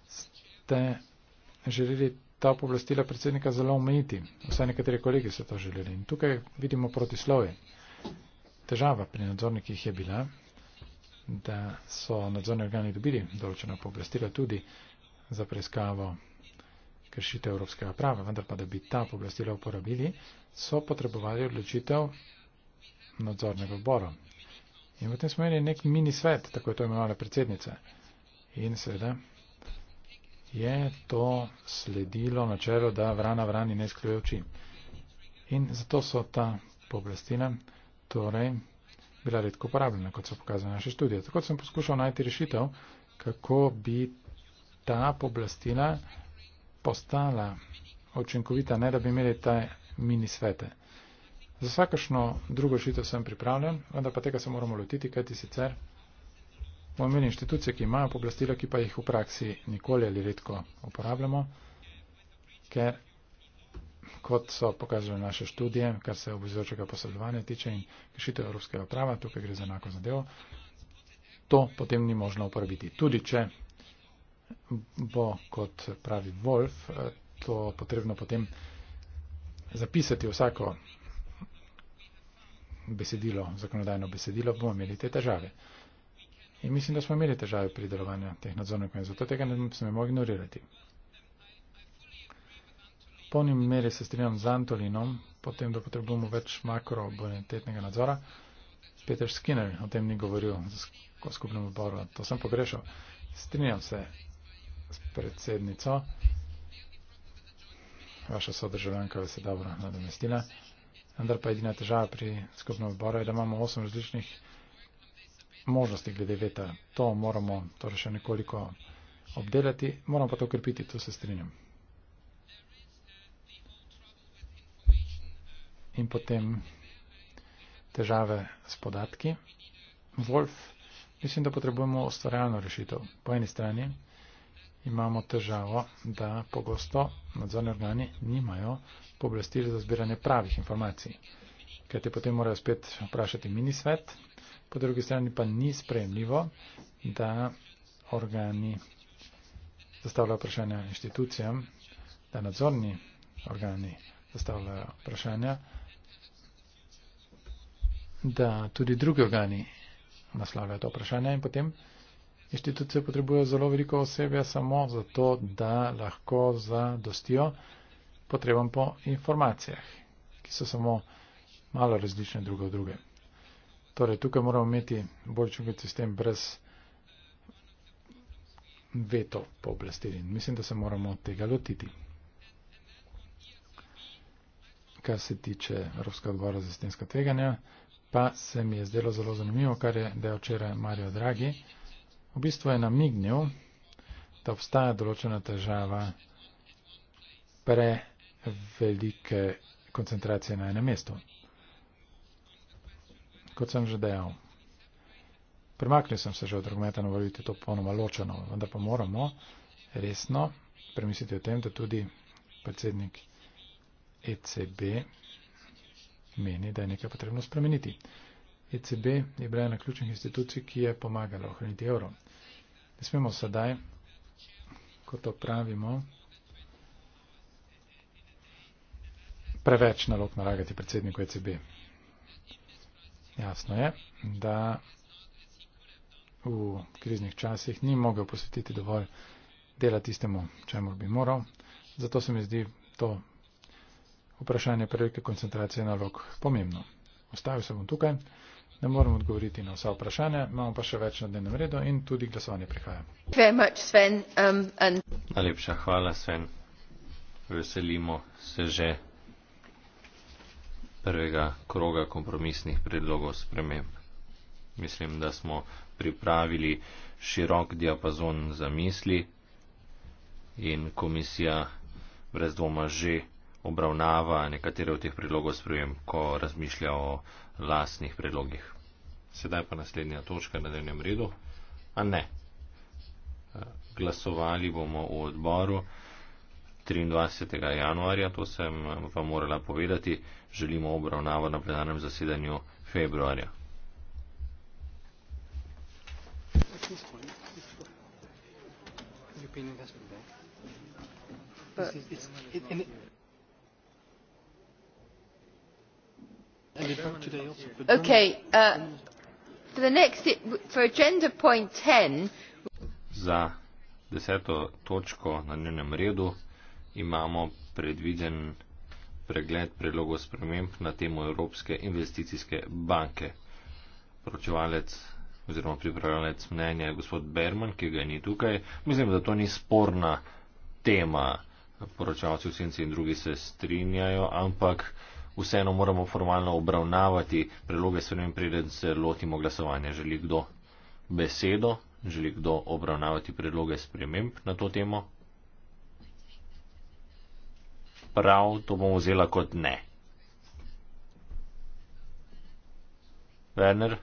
ste želeli ta poblastila predsednika zelo omejiti. Vsaj nekateri kolegi so to želeli. In tukaj vidimo protislovje. Težava pri nadzornikih je bila, da so nadzorni organi dobili določena poblastila tudi za preiskavo kršitev evropskega prava, vendar pa, da bi ta poblastila uporabili, so potrebovali odločitev nadzornega odbora. In potem smo imeli nek mini svet, tako je to imenovala predsednica. In seveda je to sledilo načelo, da vrana vrani ne skljuje oči. In zato so ta poblastila torej bila redko uporabljena, kot so pokazali naše študije. Tako sem poskušal najti rešitev, kako bi ta poblastila postala učinkovita, ne da bi imeli te mini svete. Za vsakošno drugo šito sem pripravljen, vendar pa tega se moramo lotiti, kajti sicer bomo imeli inštitucije, ki imajo poblastila, ki pa jih v praksi nikoli ali redko uporabljamo, ker kot so pokazali naše študije, kar se obvezujočega posredovanja tiče in kršitev evropskega prava, tukaj gre za enako zadevo, to potem ni možno uporabiti. Tudi če bo, kot pravi Wolf, eh, to potrebno potem zapisati vsako besedilo, zakonodajno besedilo, bomo imeli te težave. In mislim, da smo imeli težave pri delovanju teh nadzornikov in zato tega ne smemo mogli ignorirati. V polni meri se strinjam z Antolinom, potem, da potrebujemo več makrobonitetnega nadzora. Peter Skinner o tem ni govoril o skupnem odboru, to sem pogrešal. Strinjam se, s predsednico. Vaša sodržavljanka je se dobro nadomestila. Vendar pa edina težava pri skupnem odboru je, da imamo osem različnih možnosti glede veta. To moramo torej še nekoliko obdelati, moramo pa to krepiti, to se strinjam. In potem težave s podatki. Wolf, mislim, da potrebujemo ustvarjalno rešitev. Po eni strani imamo težavo, da pogosto nadzorni organi nimajo pooblastil za zbiranje pravih informacij, ker te potem morajo spet vprašati mini svet, po drugi strani pa ni sprejemljivo, da organi zastavljajo vprašanja inštitucijam, da nadzorni organi zastavljajo vprašanja, da tudi drugi organi naslavljajo to vprašanje in potem Inštitucije potrebujejo zelo veliko osebja samo zato, da lahko zadostijo potrebam po informacijah, ki so samo malo različne druge od druge. Torej, tukaj moramo imeti bolj čunkit sistem brez veto po oblasti in mislim, da se moramo od tega lotiti. Kar se tiče Evropska odbora za sistemska tveganja, pa se mi je zdelo zelo zanimivo, kar je dejal včeraj Mario Draghi v bistvu je namignil, da obstaja določena težava prevelike koncentracije na enem mestu. Kot sem že dejal, premaknil sem se že od argumenta na no, voljo, da je to ponoma ločeno, vendar pa moramo resno premisliti o tem, da tudi predsednik ECB meni, da je nekaj potrebno spremeniti. ECB je bila ena ključnih institucij, ki je pomagala ohraniti evro. Ne smemo sedaj, ko to pravimo, preveč nalog nalagati predsedniku ECB. Jasno je, da v kriznih časih ni mogel posvetiti dovolj dela tistemu, čemu bi moral. Zato se mi zdi to vprašanje prevelike koncentracije nalog pomembno. Ostavil se bom tukaj ne morem odgovoriti na vsa vprašanja, imamo pa še več na dnevnem redu in tudi glasovanje prihaja. Um, Najlepša hvala, Sven. Veselimo se že prvega kroga kompromisnih predlogov sprememb. Mislim, da smo pripravili širok diapazon za misli in komisija brez dvoma že obravnava nekatere od teh predlogov sprememb, ko razmišlja o lastnih predlogih. Sedaj pa naslednja točka na dnevnem redu. A ne. Eh, glasovali bomo v odboru 23. januarja, to sem pa eh, morala povedati. Želimo obravnavo na plenarnem zasedanju februarja. Okay, uh, Za deseto točko na dnevnem redu imamo predviden pregled predlogov sprememb na temo Evropske investicijske banke. Pročevalec oziroma pripravljalec mnenja je gospod Berman, ki ga ni tukaj. Mislim, da to ni sporna tema. Poročavci v Sinci in drugi se strinjajo, ampak vseeno moramo formalno obravnavati predloge sprememb, preden se lotimo glasovanja. Želi kdo besedo, želi kdo obravnavati predloge sprememb na to temo? Prav, to bom vzela kot ne. Werner,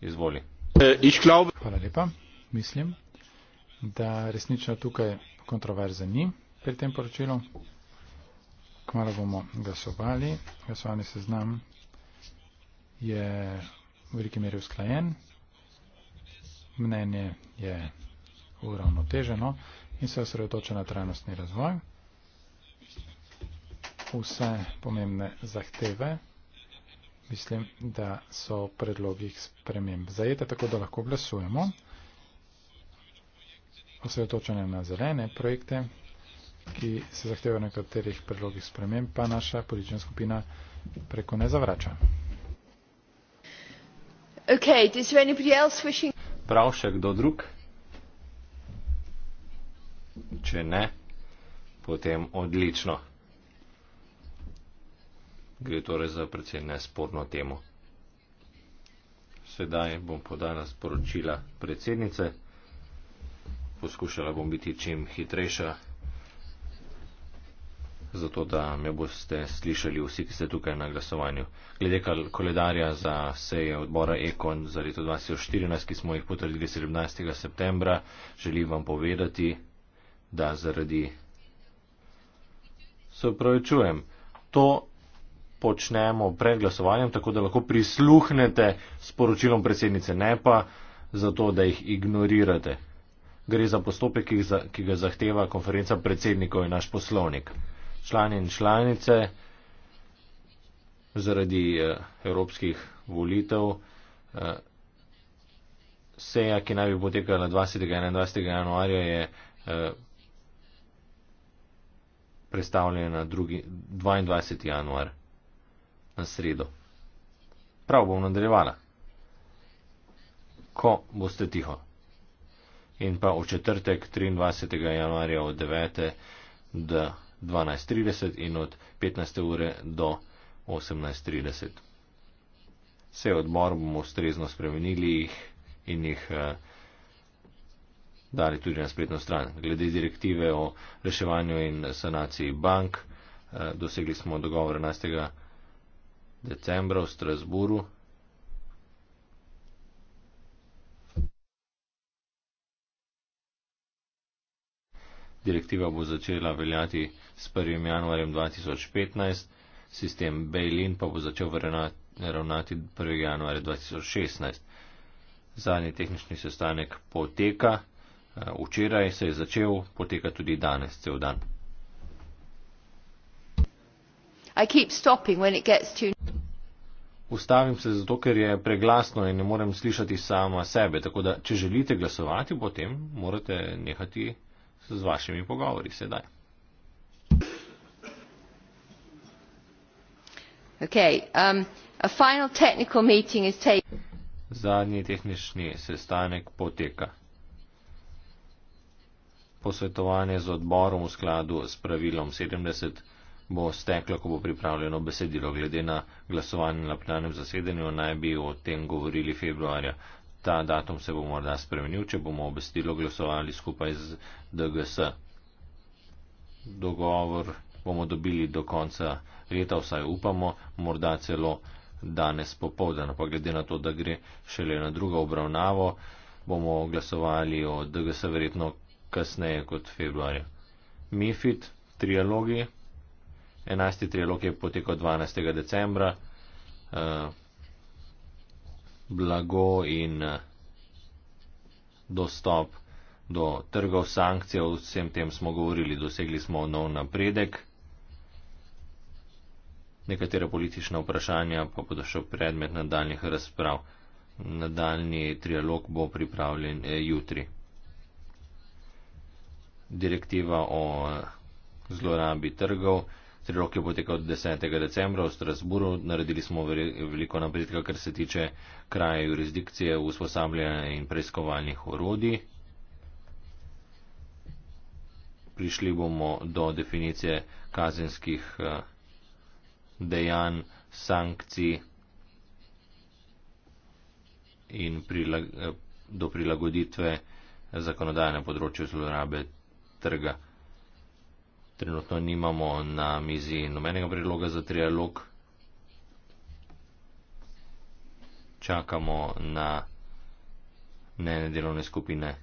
izvoli. Hvala lepa. Mislim, da resnično tukaj kontroverze ni pri tem poročilu kmalo bomo glasovali. Glasovani seznam je v veliki meri usklajen, mnenje je uravnoteženo in se osredotoča na trajnostni razvoj. Vse pomembne zahteve, mislim, da so predlogih sprememb zajete, tako da lahko glasujemo. Osredotočanje na zelene projekte, ki se zahteva nekaterih predlogih sprememb, pa naša politična skupina preko ne zavrača. Okay, Prav še kdo drug? Če ne, potem odlično. Gre torej za precej nesporno temo. Sedaj bom podala sporočila predsednice. Poskušala bom biti čim hitrejša, zato da me boste slišali vsi, ki ste tukaj na glasovanju. Glede koledarja za seje odbora Ekon za leto 2014, ki smo jih potrdili 17. septembra, želim vam povedati, da zaradi. Se upravičujem, to počnemo pred glasovanjem, tako da lahko prisluhnete sporočilom predsednice, ne pa zato, da jih ignorirate. Gre za postopek, ki ga zahteva konferenca predsednikov in naš poslovnik člani in članice zaradi eh, evropskih volitev. Eh, seja, ki naj bi potekala 20. in 21. januarja, je eh, predstavljena 22. januar na sredo. Prav bom nadaljevala, ko boste tiho. In pa v četrtek 23. januarja od 9. do 12.30 in od 15. ure do 18.30. Se odmor bomo ustrezno spremenili jih in jih eh, dali tudi na spletno stran. Glede direktive o reševanju in sanaciji bank, eh, dosegli smo dogovor 11. decembra v Strasburu. Direktiva bo začela veljati s 1. januarjem 2015, sistem Bejlin pa bo začel ravnati 1. januarja 2016. Zadnji tehnični sestanek poteka, eh, včeraj se je začel, poteka tudi danes, cel dan. Ustavim se zato, ker je preglasno in ne morem slišati sama sebe. Tako da, če želite glasovati, potem morate nehati z vašimi pogovori sedaj. Okay, um, a final technical meeting is taken. Zadnji tehnični sestanek poteka. Posvetovanje z odborom v skladu s pravilom 70 bo steklo, ko bo pripravljeno besedilo. Glede na glasovanje na plenarnem zasedanju naj bi o tem govorili februarja ta datum se bo morda spremenil, če bomo obestilo glasovali skupaj z DGS. Dogovor bomo dobili do konca leta, vsaj upamo, morda celo danes popovdan, pa glede na to, da gre šele na drugo obravnavo, bomo glasovali o DGS verjetno kasneje kot februarja. MIFID, trialogi, 11. trialog je potekal 12. decembra. Uh, blago in eh, dostop do trgov, sankcije, o vsem tem smo govorili, dosegli smo nov napredek. Nekatera politična vprašanja pa bodo še predmet nadaljnih razprav. Nadaljni trialog bo pripravljen eh, jutri. Direktiva o eh, zlorabi trgov. Tri roke potekajo od 10. decembra v Strasburu, naredili smo veliko napredka, kar se tiče kraja jurisdikcije, usposabljanja in preiskovalnih orodij. Prišli bomo do definicije kazenskih eh, dejanj, sankcij in prilag eh, do prilagoditve zakonodajne področje zlorabe trga trenutno nimamo na mizi nobenega predloga za trialog. Čakamo na mnenje delovne skupine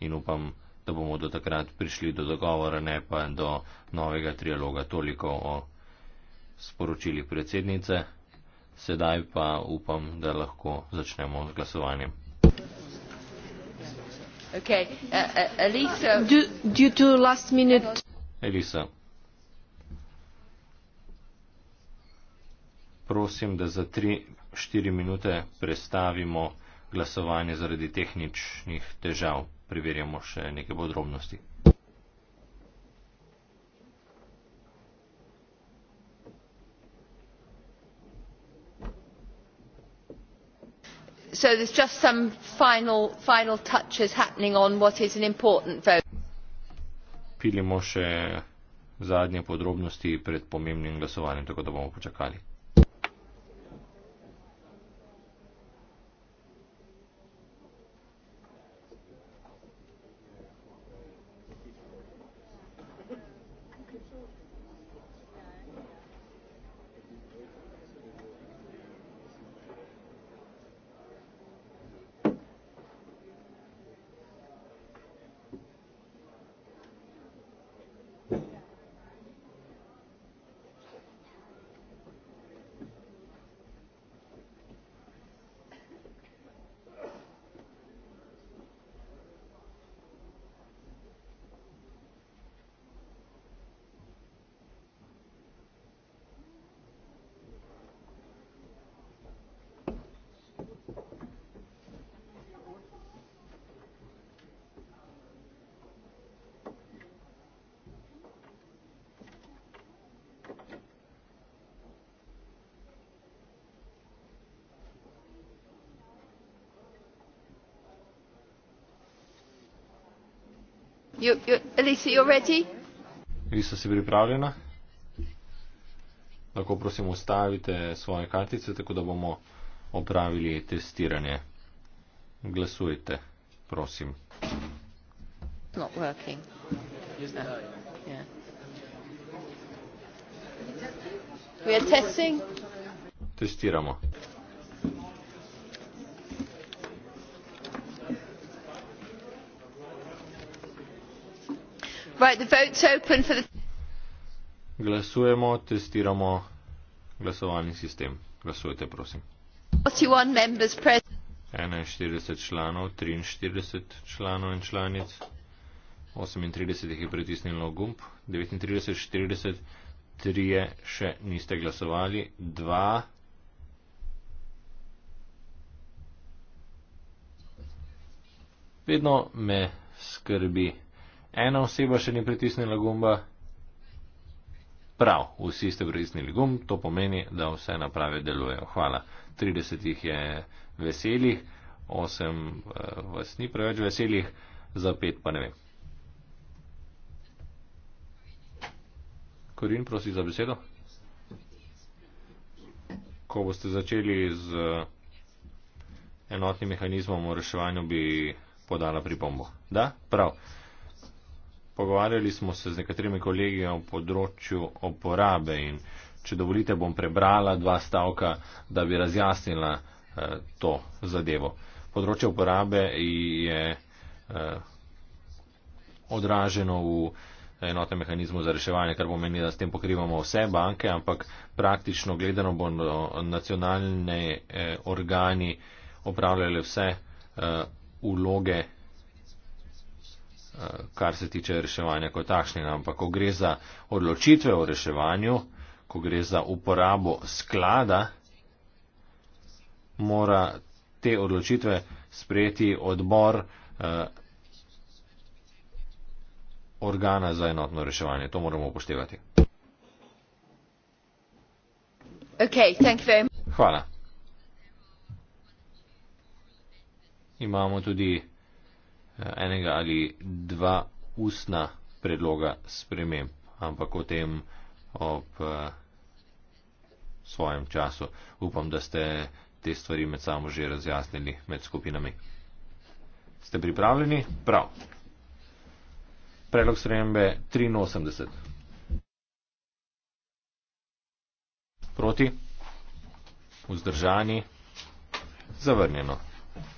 in upam, da bomo do takrat prišli do dogovora, ne pa do novega trialoga. Toliko o sporočili predsednice. Sedaj pa upam, da lahko začnemo z glasovanjem. Okay. Uh, uh, Elisa, do, do Elisa, prosim, da za 3-4 minute prestavimo glasovanje zaradi tehničnih težav. Preverjamo še neke podrobnosti. So there's just some final, final touches happening on what is an important vote pilimo še zadnje podrobnosti pred pomembnim glasovanjem, tako da bomo počakali. Elisa, you're ready? Elisa, si pripravljena? Lahko prosim ustavite svoje kartice, tako da bomo opravili testiranje. Glasujte, prosim. Not working. No. Yeah. We are testing. Testiramo. glasujemo testiramo glasovalni sistem glasujte prosim enainštirideset članov triinštirideset članov in članic osemintrideset jih je pritisnilo gumb devetintrideset štirideset trije še niste glasovali dva vedno me skrbi ena oseba še ni pritisnila gumba. Prav, vsi ste pritisnili gumb, to pomeni, da vse naprave delujejo. Hvala. 30 jih je veselih, 8 uh, eh, vas ni preveč veselih, za 5 pa ne vem. Korin, prosi za besedo. Ko boste začeli z eh, enotnim mehanizmom o reševanju, bi podala pripombo. Da? Prav. Pogovarjali smo se z nekaterimi kolegi o področju oporabe in če dovolite, bom prebrala dva stavka, da bi razjasnila eh, to zadevo. Področje uporabe je eh, odraženo v enote mehanizmu za reševanje, kar pomeni, da s tem pokrivamo vse banke, ampak praktično gledano bo nacionalne eh, organi opravljali vse eh, uloge kar se tiče reševanja kot takšnega, ampak ko gre za odločitve o reševanju, ko gre za uporabo sklada, mora te odločitve sprejeti odbor eh, organa za enotno reševanje. To moramo upoštevati. Okay, Hvala. Imamo tudi. Eh, enega ali dva ustna predloga sprememb, ampak o tem ob eh, svojem času. Upam, da ste te stvari med samo že razjasnili med skupinami. Ste pripravljeni? Prav. Predlog spremembe 83. Proti? Vzdržani? Zavrnjeno.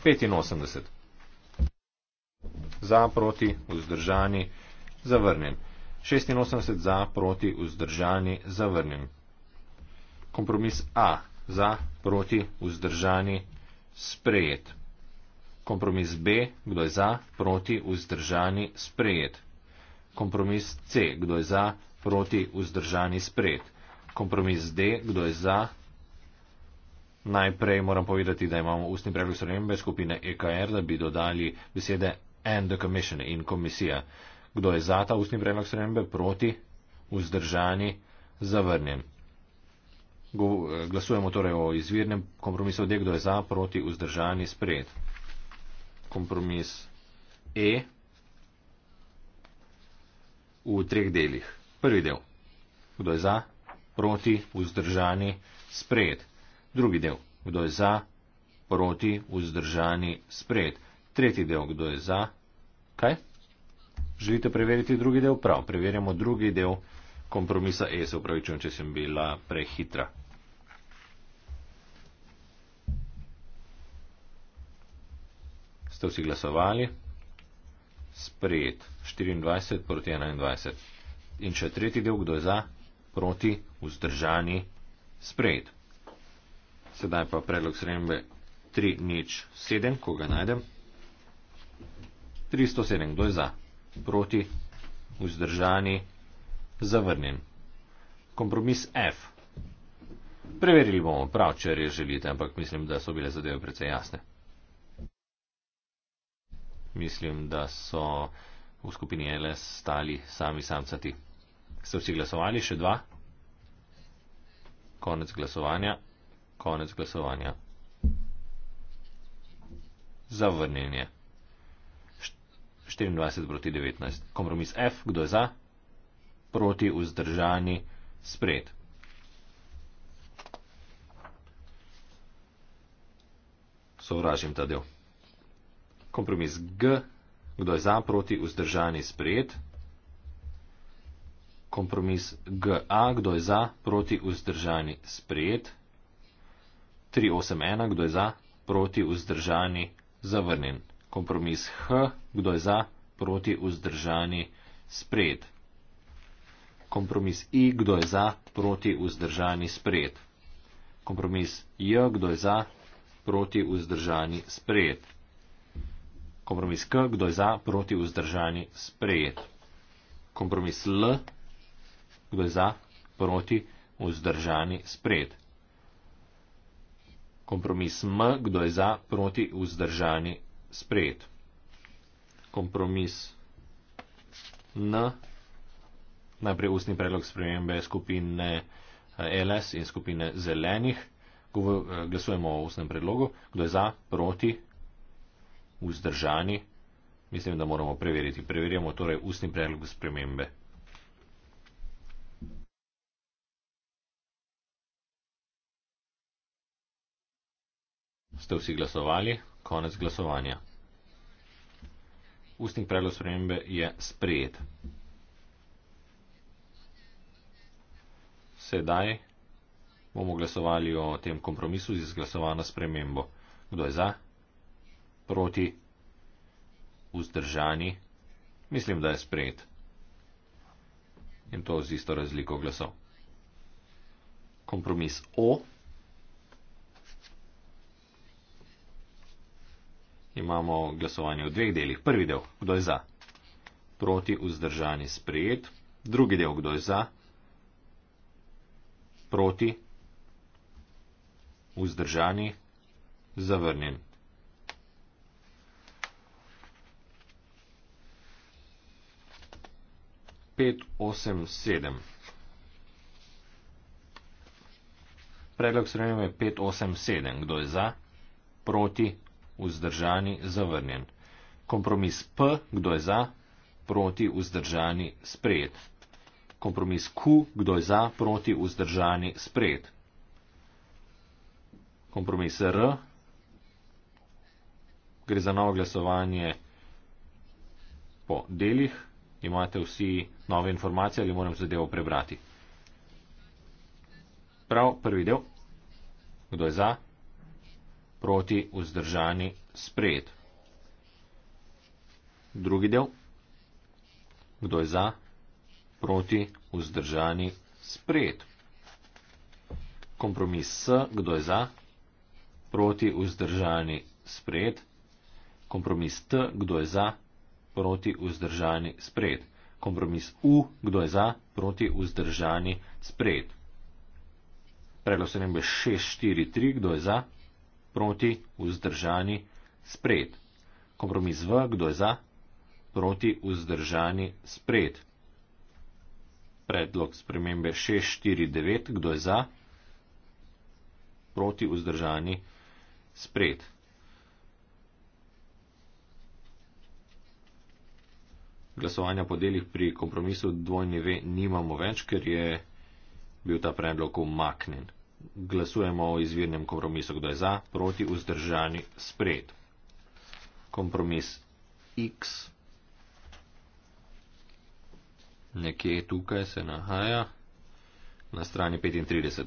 85 za, proti, vzdržani, zavrnjen. 86 za, proti, vzdržani, zavrnjen. Kompromis A. Za, proti, vzdržani, sprejet. Kompromis B. Kdo je za, proti, vzdržani, sprejet. Kompromis C. Kdo je za, proti, vzdržani, sprejet. Kompromis D. Kdo je za. Najprej moram povedati, da imamo ustni predlog spremembe skupine EKR, da bi dodali besede and the commission in komisija. Kdo je za ta ustni predlog spremembe, proti, vzdržani, zavrnjen. Go, eh, glasujemo torej o izvirnem kompromisu, odde kdo je za, proti, vzdržani, sprejet. Kompromis E v treh delih. Prvi del. Kdo je za, proti, vzdržani, sprejet. Drugi del. Kdo je za, proti, vzdržani, sprejet. Tretji del, kdo je za? Kaj? Želite preveriti drugi del? Prav, preverjamo drugi del kompromisa E, se upravičujem, če sem bila prehitra. Ste vsi glasovali? Sprejet. 24 proti 21. In še tretji del, kdo je za? Proti, vzdržani, sprejet. Sedaj pa predlog srembe 3 nič 7, ko ga najdem. Mm. 307. Kdo je za? Proti? Vzdržani? Zavrnjen. Kompromis F. Preverili bomo prav, če res želite, ampak mislim, da so bile zadeve precej jasne. Mislim, da so v skupini LS stali sami samcati. Ste vsi glasovali? Še dva? Konec glasovanja. Konec glasovanja. Zavrnjen je. 24 proti 19. Kompromis F, kdo je za? Proti vzdržani spred. Sovražim ta del. Kompromis G, kdo je za? Proti vzdržani spred. Kompromis GA, kdo je za, proti vzdržani sprejet. 381, kdo je za, proti vzdržani zavrnjen kompromis H, kdo je za, proti, vzdržani, spred. Kompromis I, kdo je za, proti, vzdržani, spred. Kompromis J, kdo je za, proti, vzdržani, spred. Kompromis K, kdo je za, proti, vzdržani, spred. Kompromis L, kdo je za, proti, vzdržani, spred. Kompromis M, kdo je za, proti, vzdržani, spred sprejet. Kompromis N, najprej ustni predlog spremembe skupine LS in skupine zelenih. Glasujemo o ustnem predlogu. Kdo je za, proti, vzdržani? Mislim, da moramo preveriti. Preverjamo torej ustni predlog spremembe. Ste vsi glasovali? konec glasovanja. Ustnik predlog spremembe je sprejet. Sedaj bomo glasovali o tem kompromisu z izglasovano spremembo. Kdo je za? Proti? Vzdržani? Mislim, da je sprejet. In to z isto razliko glasov. Kompromis O. imamo glasovanje v dveh delih. Prvi del, kdo je za? Proti, vzdržani, sprejet. Drugi del, kdo je za? Proti, vzdržani, zavrnjen. Pet, osem, sedem. Predlog sprememe je 587. Kdo je za? Proti, vzdržani, zavrnjen. Kompromis P, kdo je za, proti, vzdržani, sprejet. Kompromis Q, kdo je za, proti, vzdržani, sprejet. Kompromis R, gre za novo glasovanje po delih, imate vsi nove informacije ali moram zadevo prebrati. Prav, prvi del, kdo je za, proti vzdržani spred. Drugi del. Kdo je za? Proti vzdržani spred. Kompromis S. Kdo je za? Proti vzdržani spred. Kompromis T. Kdo je za? Proti vzdržani spred. Kompromis U. Kdo je za? Proti vzdržani spred. Predlog se nam je 643. Kdo je za? proti, vzdržani, sprejet. Kompromis v, kdo je za, proti, vzdržani, sprejet. Predlog spremembe 649, kdo je za, proti, vzdržani, sprejet. Glasovanja po delih pri kompromisu dvojni V nimamo več, ker je bil ta predlog umaknen glasujemo o izvirnem kompromisu, kdo je za, proti, vzdržani, spred. Kompromis X nekje tukaj se nahaja na strani 35.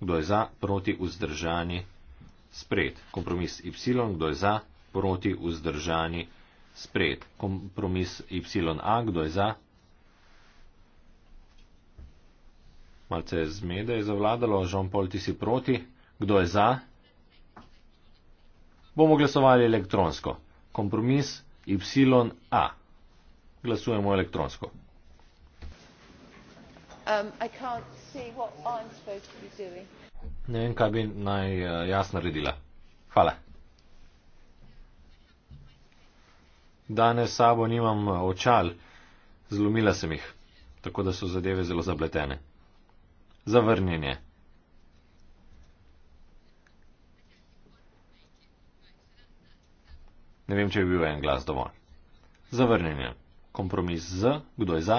Kdo je za, proti, vzdržani, spred. Kompromis Y, kdo je za, proti, vzdržani, spred. Kompromis YA, kdo je za, Malce zmede je zavladalo, Žonpol, ti si proti, kdo je za? Bomo glasovali elektronsko. Kompromis YA. Glasujemo elektronsko. Um, ne vem, kaj bi naj eh, jaz naredila. Hvala. Danes sabo nimam eh, očal, zlomila sem jih, tako da so zadeve zelo zapletene zavrnjenje. Ne vem, če je bil en glas dovolj. Zavrnjenje. Kompromis z, kdo je za,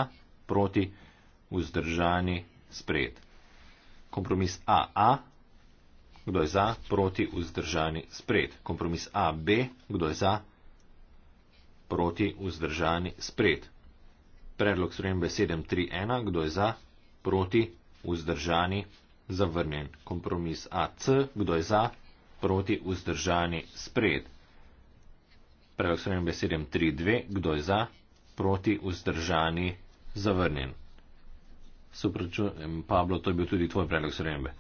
proti, vzdržani, sprejet. Kompromis AA, kdo je za, proti, vzdržani, sprejet. Kompromis AB, kdo je za, proti, vzdržani, sprejet. Predlog sprejem B731, kdo je za, proti, vzdržani, zavrnjen. Kompromis AC, kdo je za, proti, vzdržani, spred. Predlog s svojim besedem 3-2, kdo je za, proti, vzdržani, zavrnjen. Supračujem, Pablo, to je bil tudi tvoj predlog sremembe.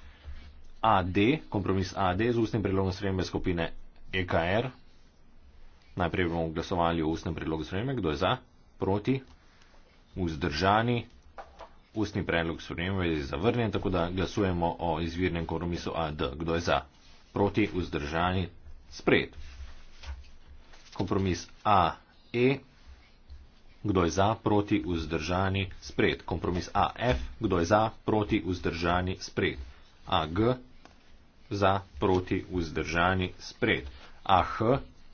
AD, kompromis AD z ustnim predlogom sremembe skupine EKR. Najprej bomo glasovali o ustnem predlogu sremembe. Kdo je za? Proti? Vzdržani? ustni predlog spremembe je zavrnjen, tako da glasujemo o izvirnem kompromisu AD. Kdo je za? Proti, vzdržani, sprejet. Kompromis AE. Kdo je za? Proti, vzdržani, sprejet. Kompromis AF. Kdo je za? Proti, vzdržani, sprejet. AG. Za, proti, vzdržani, sprejet. AH.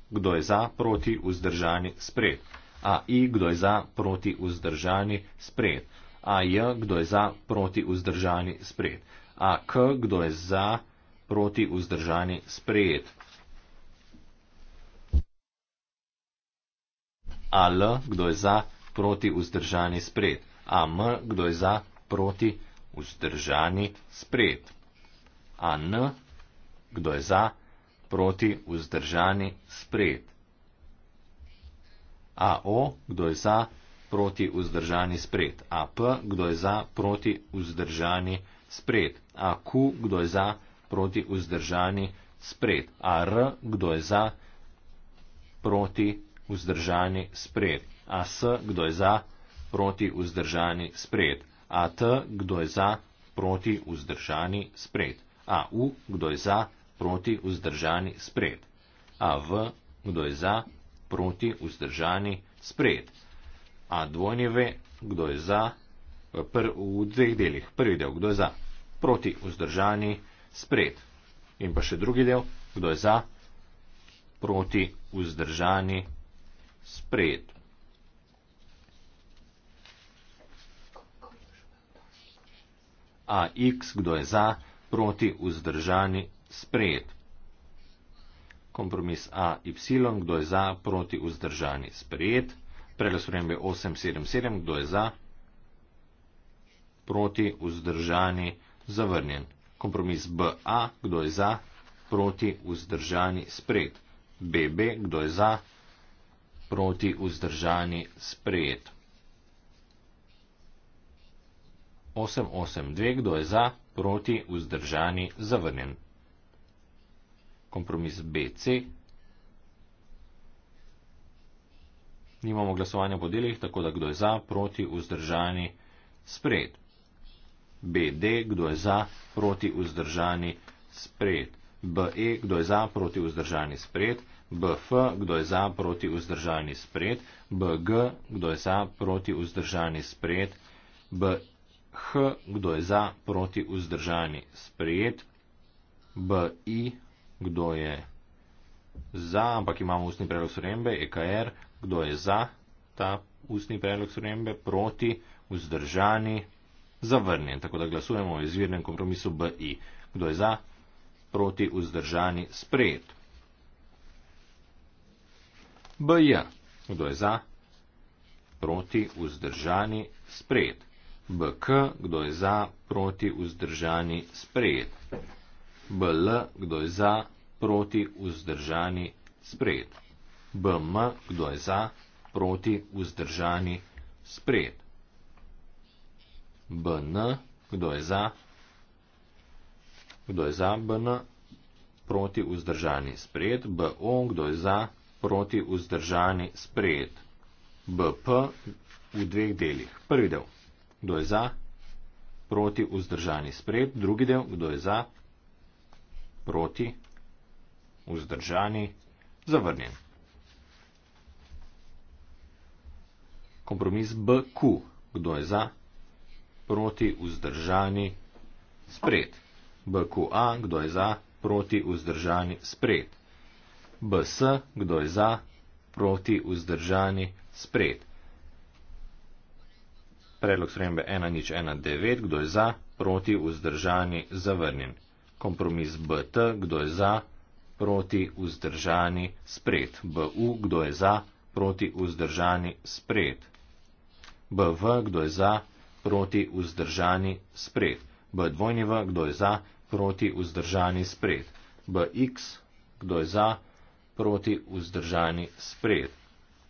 Kdo je za? Proti, vzdržani, sprejet. AI. Kdo je za? Proti, vzdržani, sprejet. AJ, kdo je za, proti vzdržani sprejet. AK, kdo je za, proti vzdržani sprejet. AL, kdo je za, proti vzdržani sprejet. AM, kdo je za, proti vzdržani sprejet. AN, kdo je za, proti vzdržani sprejet. AO, kdo je za, proti vzdržani sprejet proti vzdržani spred, AP, kdo je za, proti vzdržani spred, AQ, kdo je za, proti vzdržani spred, AR, kdo je za, proti vzdržani spred, AS, kdo je za, proti vzdržani spred, AT, kdo je za, proti vzdržani spred, AU, kdo je za, proti vzdržani spred, AV, kdo je za, proti vzdržani spred. A dvojni V, kdo je za, v, pr, v dveh delih. Prvi del, kdo je za, proti, vzdržani, spred. In pa še drugi del, kdo je za, proti, vzdržani, spred. AX, kdo je za, proti, vzdržani, spred. Kompromis AY, kdo je za, proti, vzdržani, spred. Preglasujem bi 877, kdo je za, proti, vzdržani, zavrnjen. Kompromis BA, kdo je za, proti, vzdržani, sprejet. BB, kdo je za, proti, vzdržani, sprejet. 882, kdo je za, proti, vzdržani, zavrnjen. Kompromis BC, Nimamo glasovanja po delih, tako da kdo je za, proti, vzdržani, spred. BD, kdo je za, proti, vzdržani, spred. BE, kdo je za, proti, vzdržani, spred. BF, kdo je za, proti, vzdržani, spred. BG, kdo je za, proti, vzdržani, spred. BH, kdo je za, proti, vzdržani, spred. BI, kdo je za, ampak imamo ustni predlog sorembe, EKR, kdo je za ta ustni predlog spremembe, proti, vzdržani, zavrnjen. Tako da glasujemo o izvirnem kompromisu BI. Kdo je za, proti, vzdržani, sprejet. BJ. Kdo je za, proti, vzdržani, sprejet. BK. Kdo je za, proti, vzdržani, sprejet. BL. Kdo je za, proti, vzdržani, sprejet. BM, kdo je za, proti, vzdržani, spred. BN, kdo je za, kdo je za, BN, proti, vzdržani, spred. BO, kdo je za, proti, vzdržani, spred. BP v dveh delih. Prvi del, kdo je za, proti, vzdržani, spred. Drugi del, kdo je za, proti, vzdržani, zavrnjen. kompromis BQ. Kdo je za? Proti, vzdržani, spred. BQA, kdo je za? Proti, vzdržani, spred. BS, kdo je za? Proti, vzdržani, spred. Predlog spremembe 1.0.1.9, kdo je za? Proti, vzdržani, zavrnjen. Kompromis BT, kdo je za? Proti, vzdržani, spred. BU, kdo je za? Proti, vzdržani, spred bv, kdo je za, proti, vzdržani, spred, bw, kdo je za, proti, vzdržani, spred, bx, kdo je za, proti, vzdržani, spred,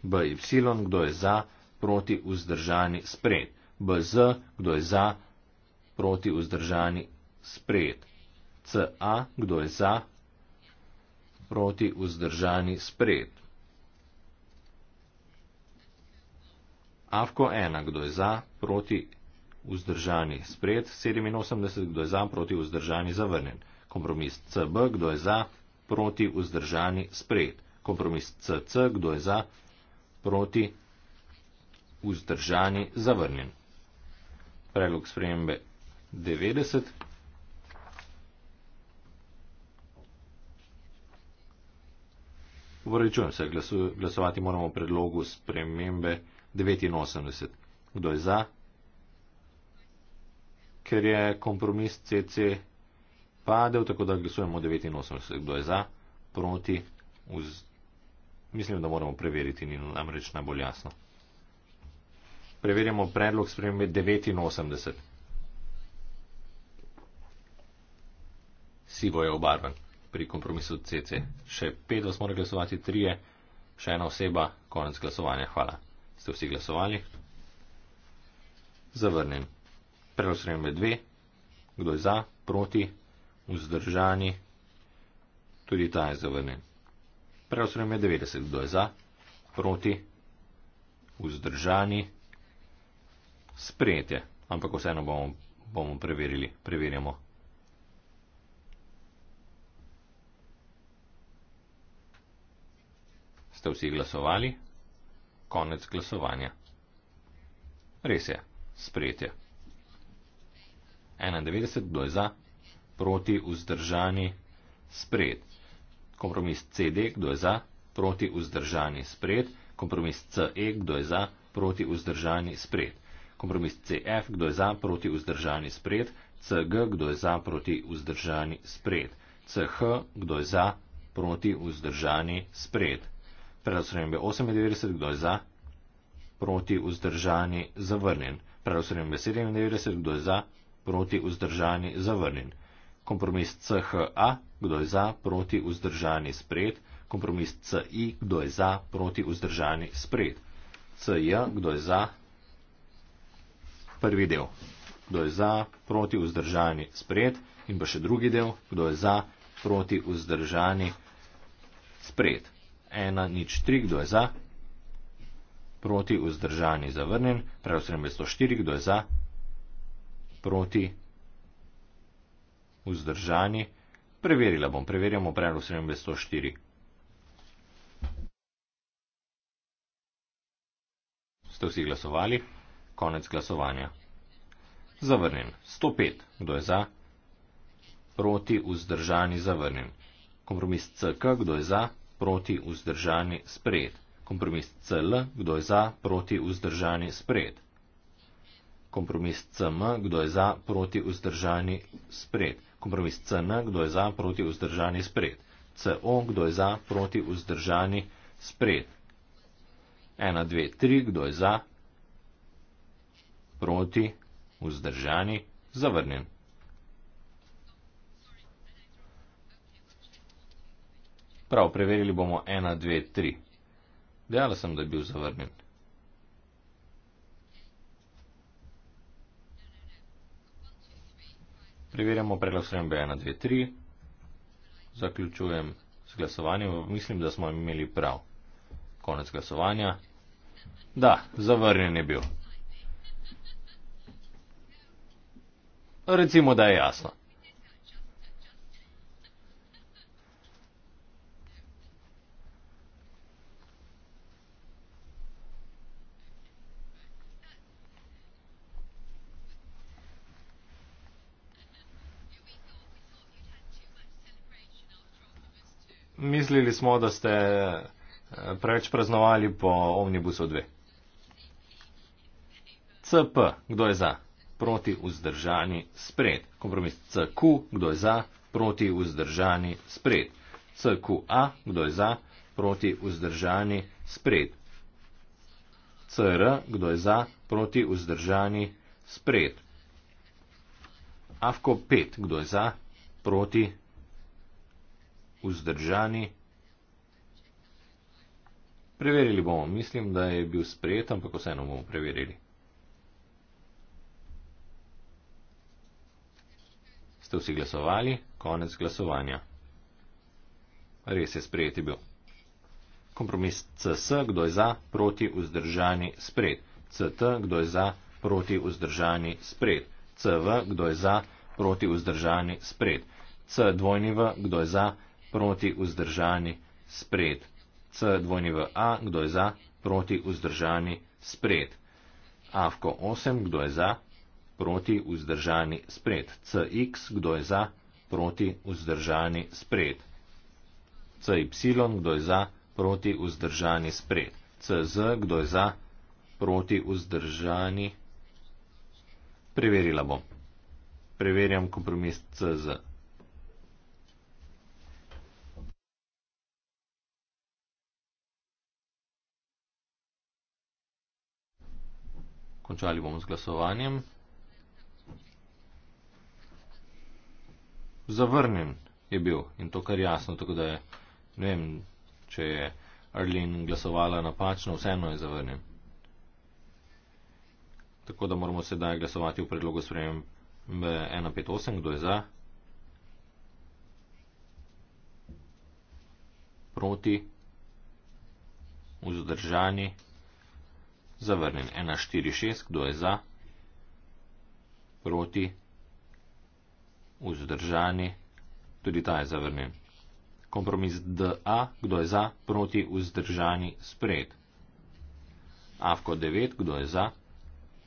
by, kdo je za, proti, vzdržani, spred, bz, kdo je za, proti, vzdržani, spred, ca, kdo je za, proti, vzdržani, spred, Avko 1, kdo je za, proti, vzdržani, spred 87, kdo je za, proti, vzdržani, zavrnjen. Kompromis CB, kdo je za, proti, vzdržani, spred. Kompromis CC, kdo je za, proti, vzdržani, zavrnjen. Predlog spremembe 90. Vrečujem se, glasovati moramo o predlogu spremembe. 89. Kdo je za? Ker je kompromis CC padel, tako da glasujemo 89. Kdo je za? Proti? Vz... Mislim, da moramo preveriti, ni nam reč najbolj jasno. Preverjamo predlog spremembe 89. Sivo je obarven pri kompromisu CC. Še pet vas mora glasovati, trije, še ena oseba, konec glasovanja. Hvala. Ste vsi glasovali? Zavrnjen. Preglasujem med dve. Kdo je za, proti, vzdržani? Tudi ta je zavrnjen. Preglasujem med 90. Kdo je za, proti, vzdržani? Sprejet je, ampak vseeno bomo, bomo preverili. Preverjamo. Ste vsi glasovali? konec glasovanja. Res je, sprejetje. 91 do je za, proti vzdržani, sprejet. Kompromis CD, kdo je za, proti vzdržani, sprejet. Kompromis CE, kdo je za, proti vzdržani, sprejet. Kompromis CF, e, kdo je za, proti vzdržani, sprejet. CG, kdo je za, proti vzdržani, sprejet. CH, kdo je za, proti vzdržani, sprejet. Predostrojen bi 98, kdo je za? Proti vzdržani, zavrnjen. Predostrojen bi 97, kdo je za? Proti vzdržani, zavrnjen. Kompromis CHA, kdo je za? Proti vzdržani, spred. Kompromis CI, kdo je za? Proti vzdržani, spred. CJ, kdo je za? Prvi del. Kdo je za? Proti vzdržani, spred. In pa še drugi del. Kdo je za? Proti vzdržani, spred ena nič tri, kdo je za, proti vzdržani zavrnjen, prav 704, kdo je za, proti vzdržani, preverila bom, preverjamo prav 704. Ste vsi glasovali? Konec glasovanja. Zavrnjen. 105. Kdo je za? Proti vzdržani zavrnjen. Kompromis CK. Kdo je za? proti vzdržani spred. Kompromis CL, kdo je za, proti vzdržani spred. Kompromis CM, kdo je za, proti vzdržani spred. Kompromis CN, kdo je za, proti vzdržani spred. CO, kdo je za, proti vzdržani spred. 1, 2, 3, kdo je za, proti vzdržani, zavrnjen. Prav, preverili bomo ena, dve, tri. Dejala sem, da je bil zavrnjen. Preverjamo predlog shrambe 1, 2, 3. Zaključujem z glasovanjem. Mislim, da smo imeli prav. Konec glasovanja. Da, zavrnjen je bil. Recimo, da je jasno. mislili smo, da ste eh, preveč praznovali po omnibusu 2. CP, kdo je za? Proti vzdržani spred. Kompromis CQ, kdo je za? Proti vzdržani spred. CQA, kdo je za? Proti vzdržani spred. CR, kdo je za? Proti vzdržani spred. AFKO 5, kdo je za? Proti vzdržani. Preverili bomo, mislim, da je bil sprejet, ampak vseeno bomo preverili. Ste vsi glasovali? Konec glasovanja. Res je sprejet je bil. Kompromis CS, kdo je za, proti, vzdržani, sprejet. CT, kdo je za, proti, vzdržani, sprejet. CV, kdo je za, proti, vzdržani, sprejet. CW, kdo je za, proti, vzdržani, sprejet proti vzdržani, spred. CWA, kdo je za, proti vzdržani, spred. AFKO 8, kdo je za, proti vzdržani, spred. CX, kdo je za, proti vzdržani, spred. CY, kdo je za, proti vzdržani, spred. CZ, kdo je za, proti vzdržani. Preverila bom. Preverjam kompromis CZ. Končali bomo z glasovanjem. Zavrnjen je bil in to kar jasno, tako da je, ne vem, če je Arlin glasovala napačno, vseeno je zavrnjen. Tako da moramo sedaj glasovati v predlogu sprejem B158, kdo je za. Proti. Vzdržani zavrnjen. 146, kdo je za, proti, vzdržani, tudi ta je zavrnjen. Kompromis DA, kdo je za, proti, vzdržani, sprejet. AFKO 9, kdo je za,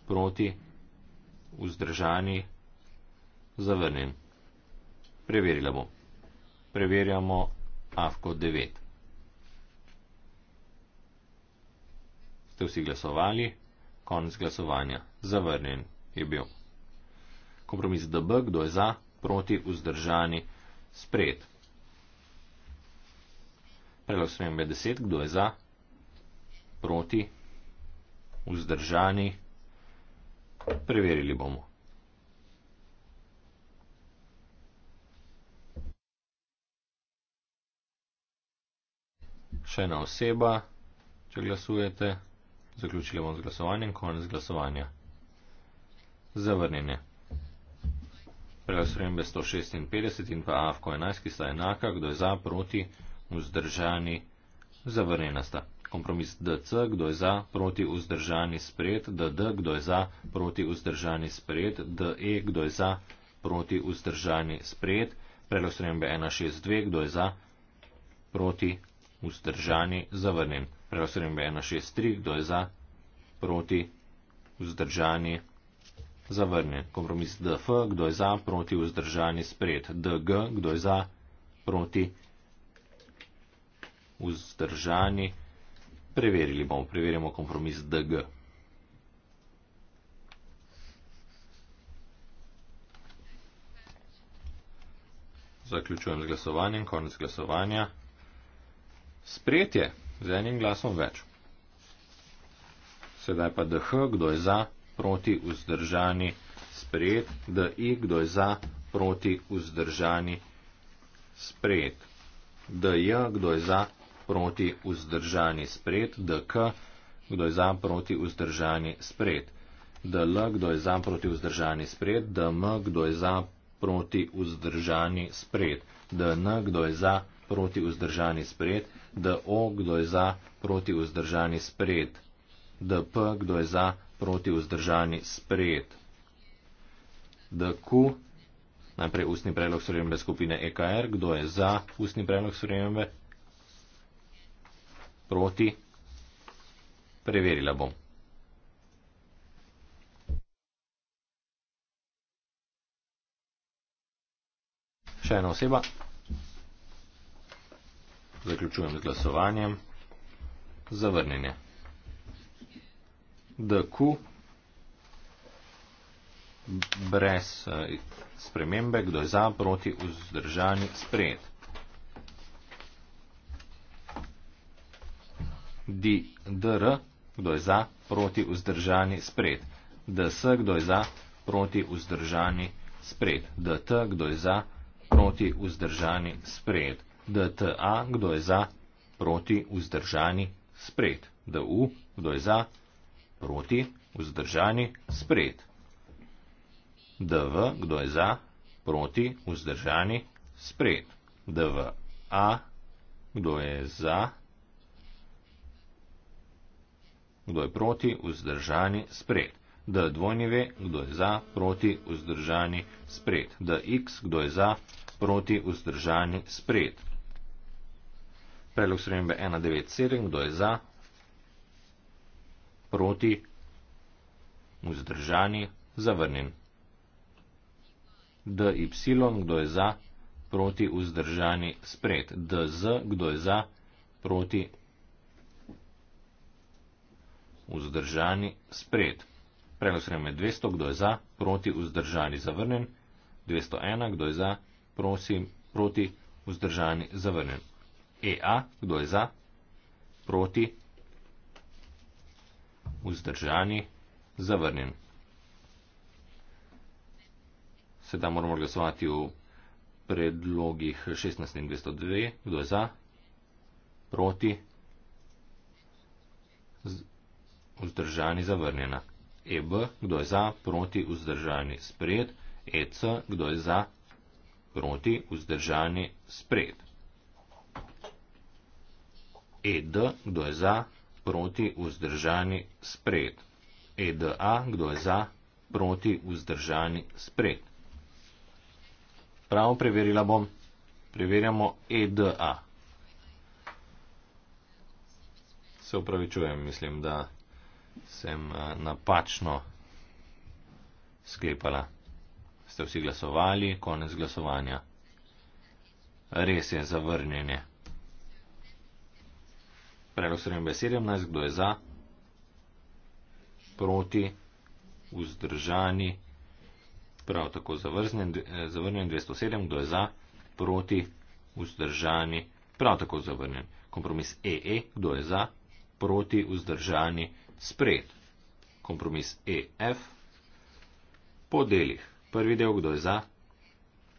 proti, vzdržani, zavrnjen. Preverila bom. Preverjamo AFKO 9. ste vsi glasovali, konc glasovanja, zavrnjen je bil. Kompromis DB, kdo je za, proti, vzdržani, sprejet. Predlog spremembe 10, kdo je za, proti, vzdržani, preverili bomo. Še ena oseba, če glasujete. Zaključili bomo z glasovanjem, konec glasovanja. Zavrnjene. Prelev srembe 156 in pa AFKO 11, ki sta enaka, kdo je za, proti, vzdržani, zavrnjena sta. Kompromis DC, kdo je za, proti, vzdržani, sprejet, DD, kdo je za, proti, vzdržani, sprejet, DE, kdo je za, proti, vzdržani, sprejet. Prelev srembe 162, kdo je za, proti, vzdržani, zavrnjen. Razrem 163, kdo je za, proti, vzdržani, zavrnjen. Kompromis DF, kdo je za, proti, vzdržani, spred. DG, kdo je za, proti, vzdržani, preverili bomo, preverimo kompromis DG. Zaključujem z glasovanjem, konec glasovanja. Sprejetje z enim glasom več. Sedaj pa dh, kdo je za, proti, vzdržani, sprejet, dh, kdo je za, proti, vzdržani, sprejet, dh, kdo je za, proti, vzdržani, sprejet, dh, kdo je za, proti, vzdržani, sprejet, dl, kdo je za, proti, vzdržani, sprejet, dm, kdo je za, proti, vzdržani, sprejet, dn, kdo je za, proti, proti vzdržani spred, DO, kdo je za, proti vzdržani spred, DP, kdo je za, proti vzdržani spred, DQ, najprej ustni predlog sprejembe skupine EKR, kdo je za ustni predlog sprejembe, proti, preverila bom. Še ena oseba. Zaključujem z glasovanjem. Zavrnjenje. DQ brez eh, spremembe, kdo je za, proti, vzdržani, sprejet. DR, kdo je za, proti, vzdržani, sprejet. DS, kdo je za, proti, vzdržani, sprejet. DT, kdo je za, proti, vzdržani, sprejet. DTA, kdo je za, proti, vzdržani, spred. DU, kdo je za, proti, vzdržani, spred. DV, kdo je za, proti, vzdržani, spred. DVA, kdo je za, kdo je proti, vzdržani, spred. DW, kdo je za, proti, vzdržani, spred. DX, kdo je za, proti, vzdržani, spred. Predlog spremembe 197, kdo je za, proti, vzdržani, zavrnjen. DY, kdo je za, proti, vzdržani, spred. DZ, kdo je za, proti, vzdržani, spred. Predlog spremembe 200, kdo je za, proti, vzdržani, zavrnjen. 201, kdo je za, prosim, proti, vzdržani, zavrnjen. EA, kdo je za, proti, vzdržani, zavrnjen. Sedaj moramo glasovati v predlogih 16 in 202, kdo je za, proti, vzdržani, zavrnjena. EB, kdo je za, proti, vzdržani, sprejet. EC, kdo je za, proti, vzdržani, sprejet ed, kdo je za, proti, vzdržani, spred. E eda, kdo je za, proti, vzdržani, spred. Pravo preverila bom. Preverjamo eda. Se upravičujem, mislim, da sem eh, napačno sklepala. Ste vsi glasovali, konec glasovanja. Res je zavrnjenje. Predlog 17, kdo je za, proti, vzdržani, prav tako eh, zavrnjen, zavrnjen 207, kdo je za, proti, vzdržani, prav tako zavrnjen. Kompromis EE, e. kdo je za, proti, vzdržani, spred. Kompromis EF, po delih. Prvi del, kdo je za,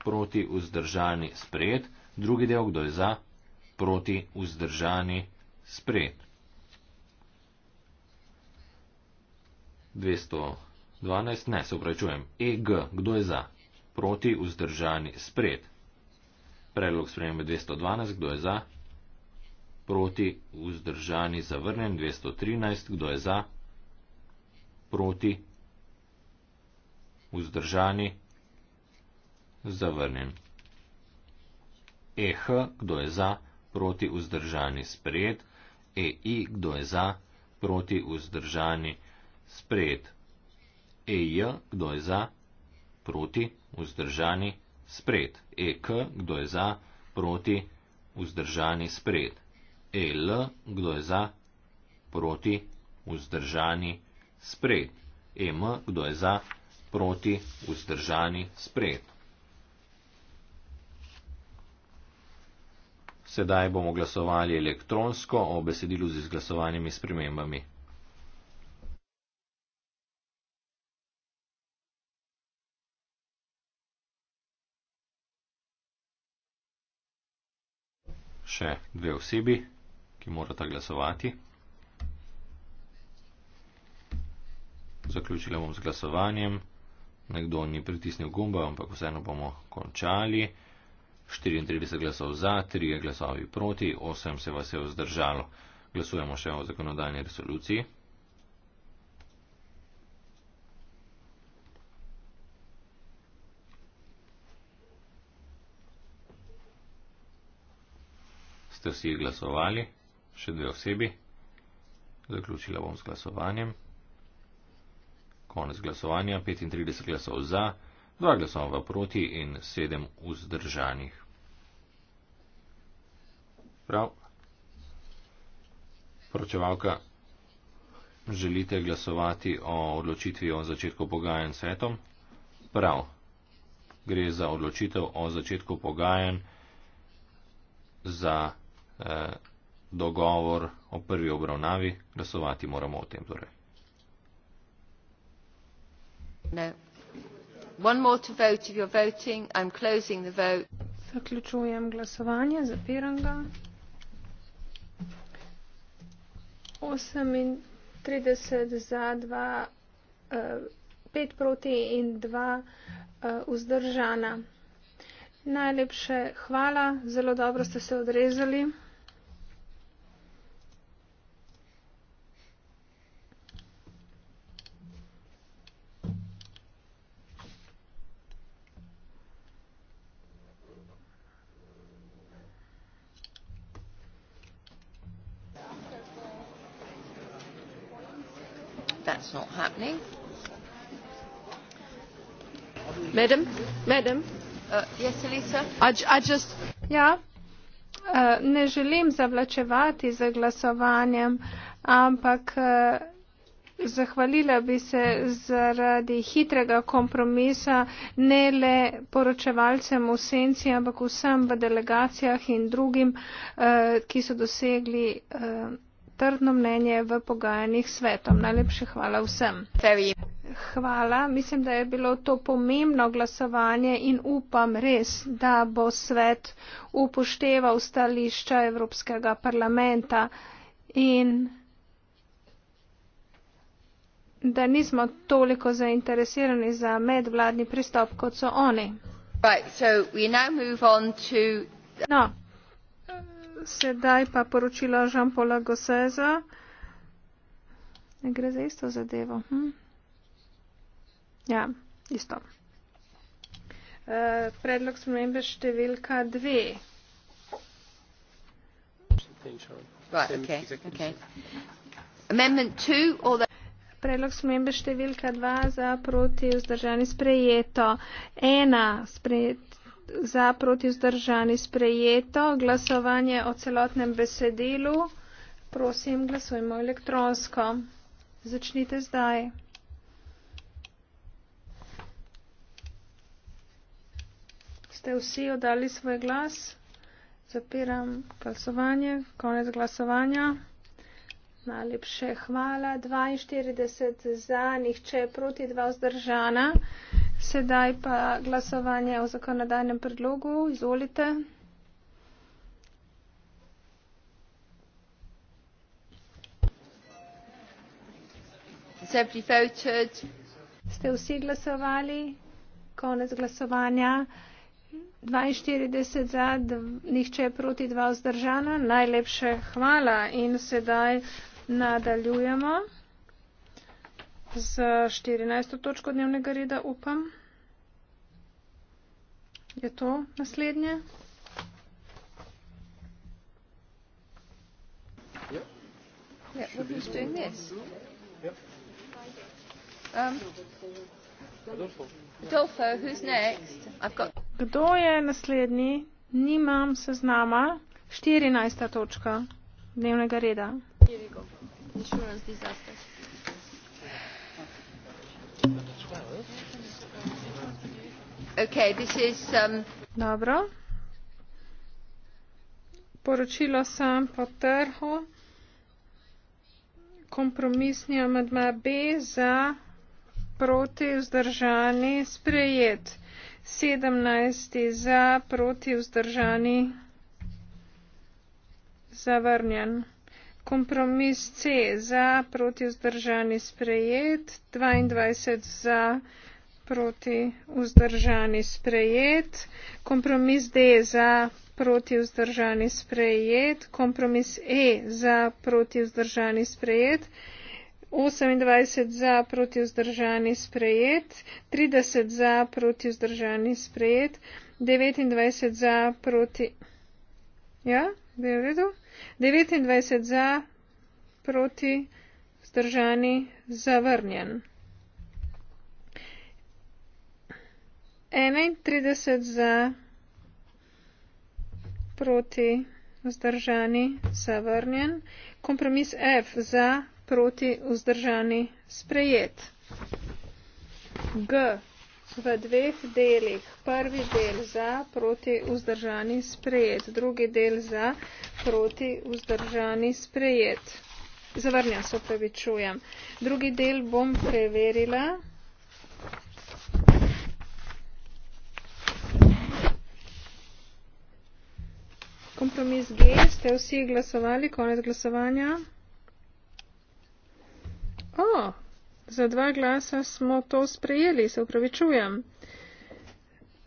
proti, vzdržani, spred. Drugi del, kdo je za, proti, vzdržani, spred sprejet. 212, ne, se upravičujem, EG, kdo je za? Proti, vzdržani, sprejet. Predlog sprejem 212, kdo je za? Proti, vzdržani, zavrnjen, 213, kdo je za? Proti, vzdržani, zavrnjen. EH, kdo je za? Proti, vzdržani, sprejet. 213. EI, kdo je za, proti, vzdržani, sprejet. EJ, kdo je za, proti, vzdržani, sprejet. EK, kdo je za, proti, vzdržani, sprejet. EL, kdo je za, proti, vzdržani, sprejet. EM, kdo je za, proti, vzdržani, sprejet. Sedaj bomo glasovali elektronsko o besedilu z izglasovanimi spremembami. Še dve osebi, ki morata glasovati. Zaključila bom z glasovanjem. Nekdo ni pritisnil gumba, ampak vseeno bomo končali. 34 glasov za, 3 glasovi proti, 8 se vas je vzdržalo. Glasujemo še o zakonodajni resoluciji. Ste si glasovali, še dve osebi. Zaključila bom z glasovanjem. Konec glasovanja, 35 glasov za, 2 glasova proti in 7 vzdržanih. Prav. Poročevalka, želite glasovati o odločitvi o začetku pogajan svetom? Prav. Gre za odločitev o začetku pogajan za eh, dogovor o prvi obravnavi. Glasovati moramo o tem torej. No. One more to vote if you're voting. I'm closing the vote. Zaključujem glasovanje, zapiram ga. 38 za 2, 5 eh, proti in 2 eh, vzdržana. Najlepše hvala, zelo dobro ste se odrezali. happening? Madam? Madam? Uh, yes, Elisa? I, j- I just... Yeah? Ja, uh, ne želim zavlačevati za glasovanjem, ampak uh, zahvalila bi se zaradi hitrega kompromisa ne le poročevalcem v senci, ampak vsem v delegacijah in drugim, uh, ki so dosegli trdno mnenje v pogajanjih svetom. Najlepše hvala vsem. Hvala. Mislim, da je bilo to pomembno glasovanje in upam res, da bo svet upošteval stališča Evropskega parlamenta in da nismo toliko zainteresirani za medvladni pristop, kot so oni. Right, so No sedaj pa poročila Žampola Goseza. Ne gre za isto zadevo. Hm? Ja, isto. Uh, predlog spremembe številka dve. Right, okay, okay. Predlog spremembe številka 2 za proti vzdržani sprejeto. Ena sprejeto za, proti vzdržani sprejeto. Glasovanje o celotnem besedilu. Prosim, glasujmo elektronsko. Začnite zdaj. Ste vsi oddali svoj glas? Zapiram glasovanje. Konec glasovanja. Najlepše hvala. 42 za, nihče proti, dva vzdržana. Sedaj pa glasovanje o zakonodajnem predlogu. Izvolite. Ste vsi glasovali? Konec glasovanja. 42 za, nihče proti, dva vzdržana. Najlepše hvala in sedaj nadaljujemo z 14. točko dnevnega reda, upam. Je to naslednje? Ja, um, Kdo je naslednji? Nimam seznama. 14. točka dnevnega reda. Here we go. Insurance disasters. Okay, this is, um... Dobro. Poročilo sam po trhu. Kompromisni amadma B za proti vzdržani sprejet. 17. za proti vzdržani zavrnjen kompromis C za, proti vzdržani sprejet, 22 za, proti vzdržani sprejet, kompromis D za, proti vzdržani sprejet, kompromis E za, proti vzdržani sprejet, 28 za, proti vzdržani sprejet, 30 za, proti vzdržani sprejet, 29 za, proti. Ja, bi v redu? 29 za, proti, vzdržani, zavrnjen. 31 za, proti, vzdržani, zavrnjen. Kompromis F za, proti, vzdržani, sprejet. G v dveh delih. Prvi del za, proti vzdržani sprejet. Drugi del za, proti vzdržani sprejet. Zavrnja se opravičujem. Drugi del bom preverila. Kompromis G, ste vsi glasovali, konec glasovanja? O, oh, za dva glasa smo to sprejeli, se upravičujem.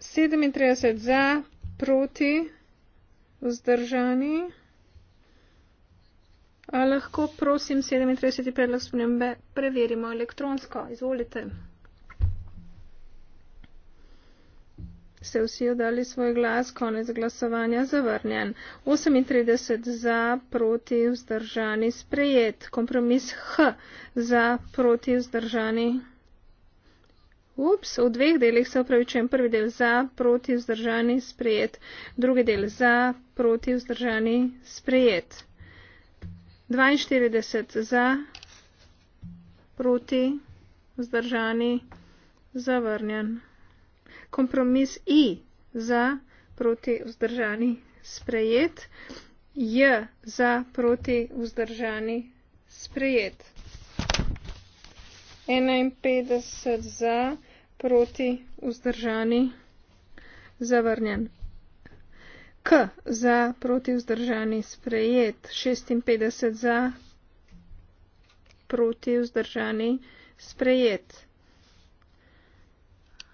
37 za, proti, vzdržani. A lahko prosim 37 predlog spremembe preverimo elektronsko. Izvolite. ste vsi oddali svoj glas, konec glasovanja zavrnjen. 38 za, proti, vzdržani, sprejet. Kompromis H za, proti, vzdržani. Ups, v dveh delih se upravičujem. Prvi del za, proti, vzdržani, sprejet. Drugi del za, proti, vzdržani, sprejet. 42 za, proti, vzdržani, zavrnjen kompromis I za proti vzdržani sprejet, J za proti vzdržani sprejet. 51 za proti vzdržani zavrnjen. K za proti vzdržani sprejet. 56 za proti vzdržani sprejet.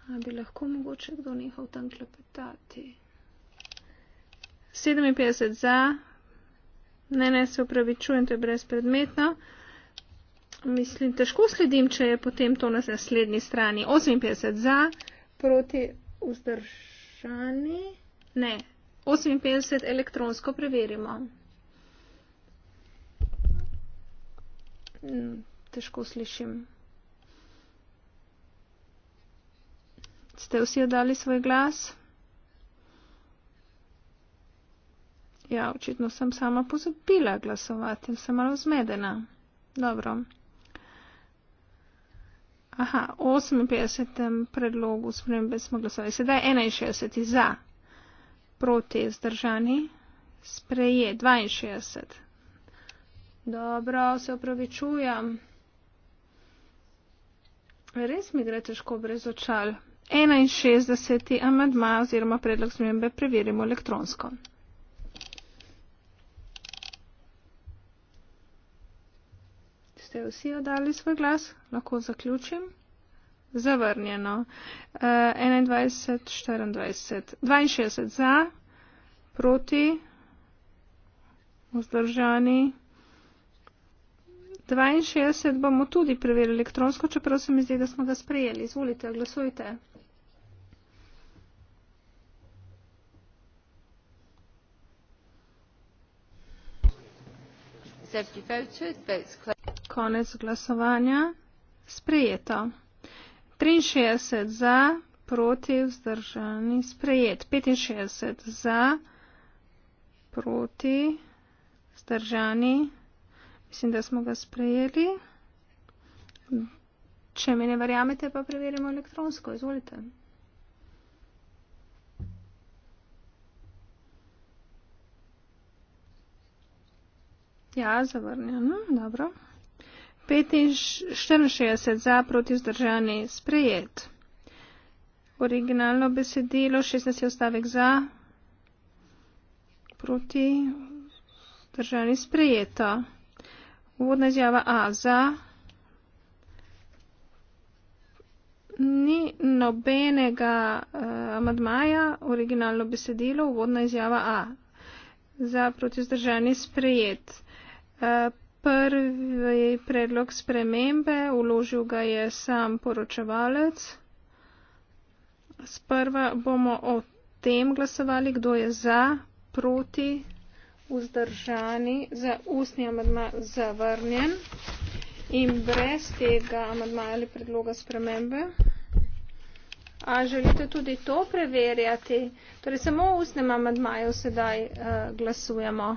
A bi lahko mogoče kdo nehal tam klepetati? 57 za. Ne, ne, se upravičujem, to je brezpredmetno. Mislim, težko sledim, če je potem to na naslednji strani. 58 za, proti vzdržani. Ne, 58 elektronsko preverimo. Hm, težko slišim. Ste vsi oddali svoj glas? Ja, očitno sem sama pozabila glasovati in sem malo zmedena. Dobro. Aha, 58. predlogu spremembe smo glasovali. Sedaj 61. za. Proti je zdržani. Spreje 62. Dobro, se opravičujem. Res mi gre težko brez očal. 61. amedma oziroma predlog zmembe preverimo elektronsko. Ste vsi oddali svoj glas? Lahko zaključim. Zavrnjeno. 21, 24. 62 za, proti, vzdržani. 62 bomo tudi preverili elektronsko, čeprav se mi zdi, da smo ga sprejeli. Izvolite, glasujte. konec glasovanja sprejeto 63 za proti vzdržani sprejet 65 za proti vzdržani mislim da smo ga sprejeli če mi ne verjamete pa preverimo elektronsko izvolite Ja, zavrnjeno, no, dobro. 64 za proti vzdržani sprejet. Originalno besedilo 16 je ostavek za proti vzdržani sprejeto. Uvodna izjava A za. Ni nobenega uh, amadmaja, originalno besedilo, uvodna izjava A. Za proti vzdržani sprejet prvi predlog spremembe, uložil ga je sam poročevalec. Sprva bomo o tem glasovali, kdo je za, proti, vzdržani, za ustni amadma zavrnjen in brez tega amadma ali predloga spremembe. A želite tudi to preverjati? Torej samo v ustnem amadmaju sedaj uh, glasujemo.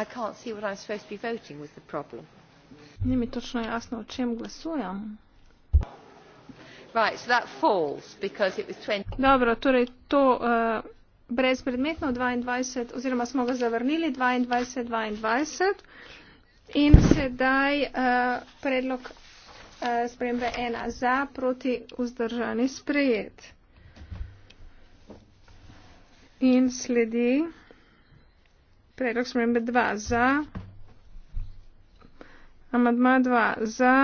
i can't see what i'm supposed to be voting with the problem right so that falls because it was 20 dobro torej to uh, brezpredmetno 22 oziroma smo ga zavrnili 22 22 in sedaj uh, predlog uh, spremembe 1 za proti vzdržani sprejet in sledi Predlog spremembe 2 za. Amadma 2 za.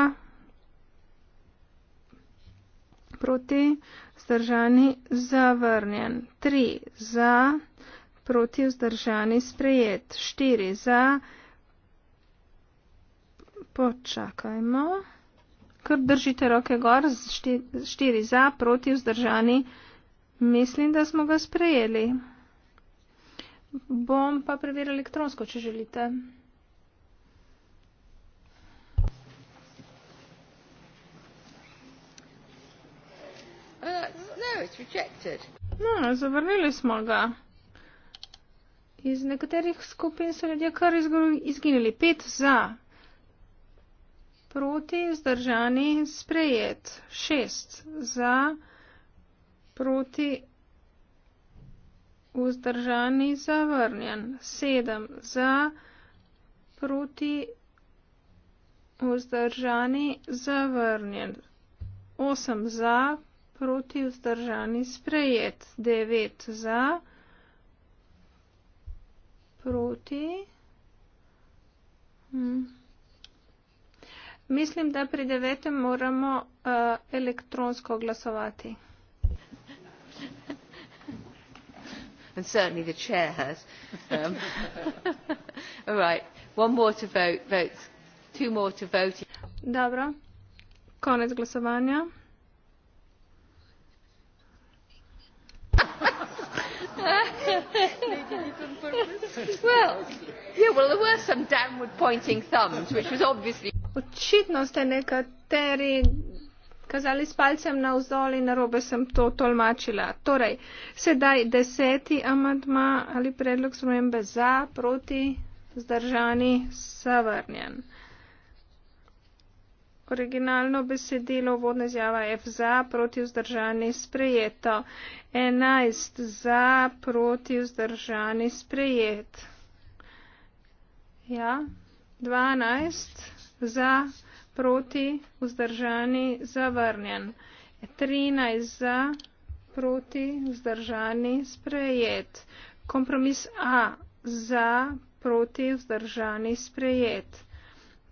Proti. Zdržani zavrnjen. 3 za. Proti vzdržani sprejet. 4 za. Počakajmo. Kar držite roke gor. 4 za. Proti vzdržani. Mislim, da smo ga sprejeli. Bom pa preveril elektronsko, če želite. Uh, no, no, zavrnili smo ga. Iz nekaterih skupin so ljudje kar izginili. Pet za, proti, zdržani, sprejet. Šest za, proti, vzdržani zavrnjen, sedem za, proti vzdržani zavrnjen, osem za, proti vzdržani sprejet, devet za, proti. Hmm. Mislim, da pri devetem moramo uh, elektronsko glasovati. and certainly the chair has. Um, (laughs) all right, one more to vote. Votes. Two more to vote. Dobro. Konec glasovanja. well, yeah, well, there were some downward pointing thumbs, which was obviously. Očitno ste nekateri kazali s palcem navzdol in narobe sem to tolmačila. Torej, sedaj deseti amadma ali predlog spremembe za, proti, zdržani, zavrnjen. Originalno besedilo vodne zjava F za, proti vzdržani sprejeto. 11 za, proti vzdržani sprejet. Ja, 12 za, proti, vzdržani, zavrnjen. 13 za, proti, vzdržani, sprejet. Kompromis A za, proti, vzdržani, sprejet.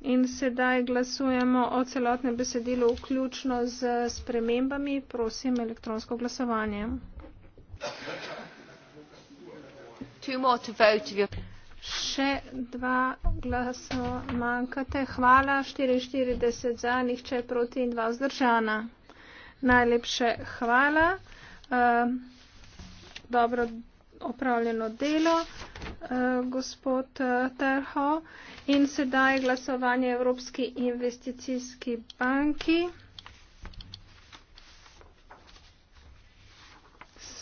In sedaj glasujemo o celotnem besedilu, vključno z spremembami. Prosim, elektronsko glasovanje. Two more to vote if you're... Še dva glasno manjkate. Hvala. 44 za, nihče proti in dva vzdržana. Najlepše hvala. Ehm, dobro opravljeno delo, eh, gospod eh, Terho. In sedaj glasovanje Evropski investicijski banki.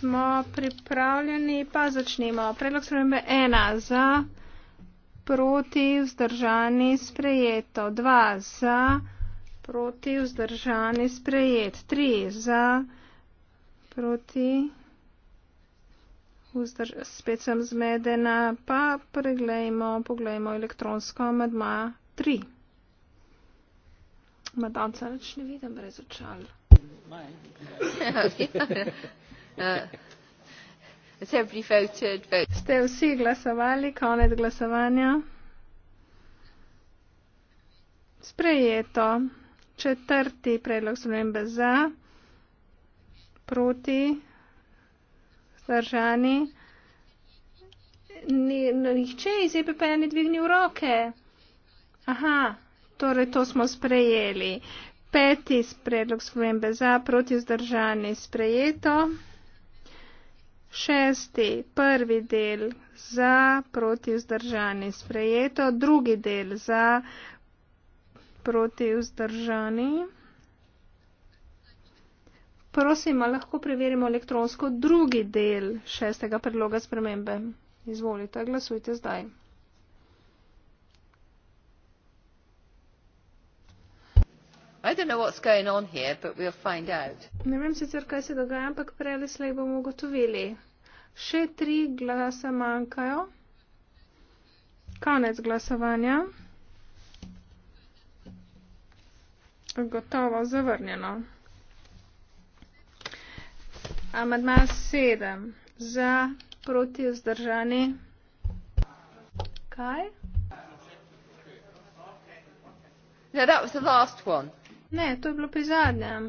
smo pripravljeni, pa začnemo. Predlog spremembe 1 za, proti vzdržani sprejeto. 2 za, proti vzdržani sprejet. 3 za, proti vzdržani. Spet sem zmedena, pa preglejmo, poglejmo elektronsko medma 3. Madonca, več ne vidim brez očal. (laughs) (laughs) Ja. Uh, ste vsi glasovali konec glasovanja sprejeto četrti predlog spremembe za proti zdržani ni no, nihče iz EPP ni dvignil roke aha torej to smo sprejeli peti predlog spremembe za proti zdržani sprejeto Šesti, prvi del za protivzdržani, sprejeto, drugi del za protivzdržani. Prosim, lahko preverimo elektronsko drugi del šestega predloga spremembe. Izvolite, glasujte zdaj. Here, ne vem sicer, kaj se dogaja, ampak prej ali slej bomo ugotovili. Še tri glasa manjkajo. Konec glasovanja. Gotovo zavrnjeno. Amadma sedem. Za proti vzdržani. Kaj? No, that was the last one. Ne, to je bilo pri zadnjem.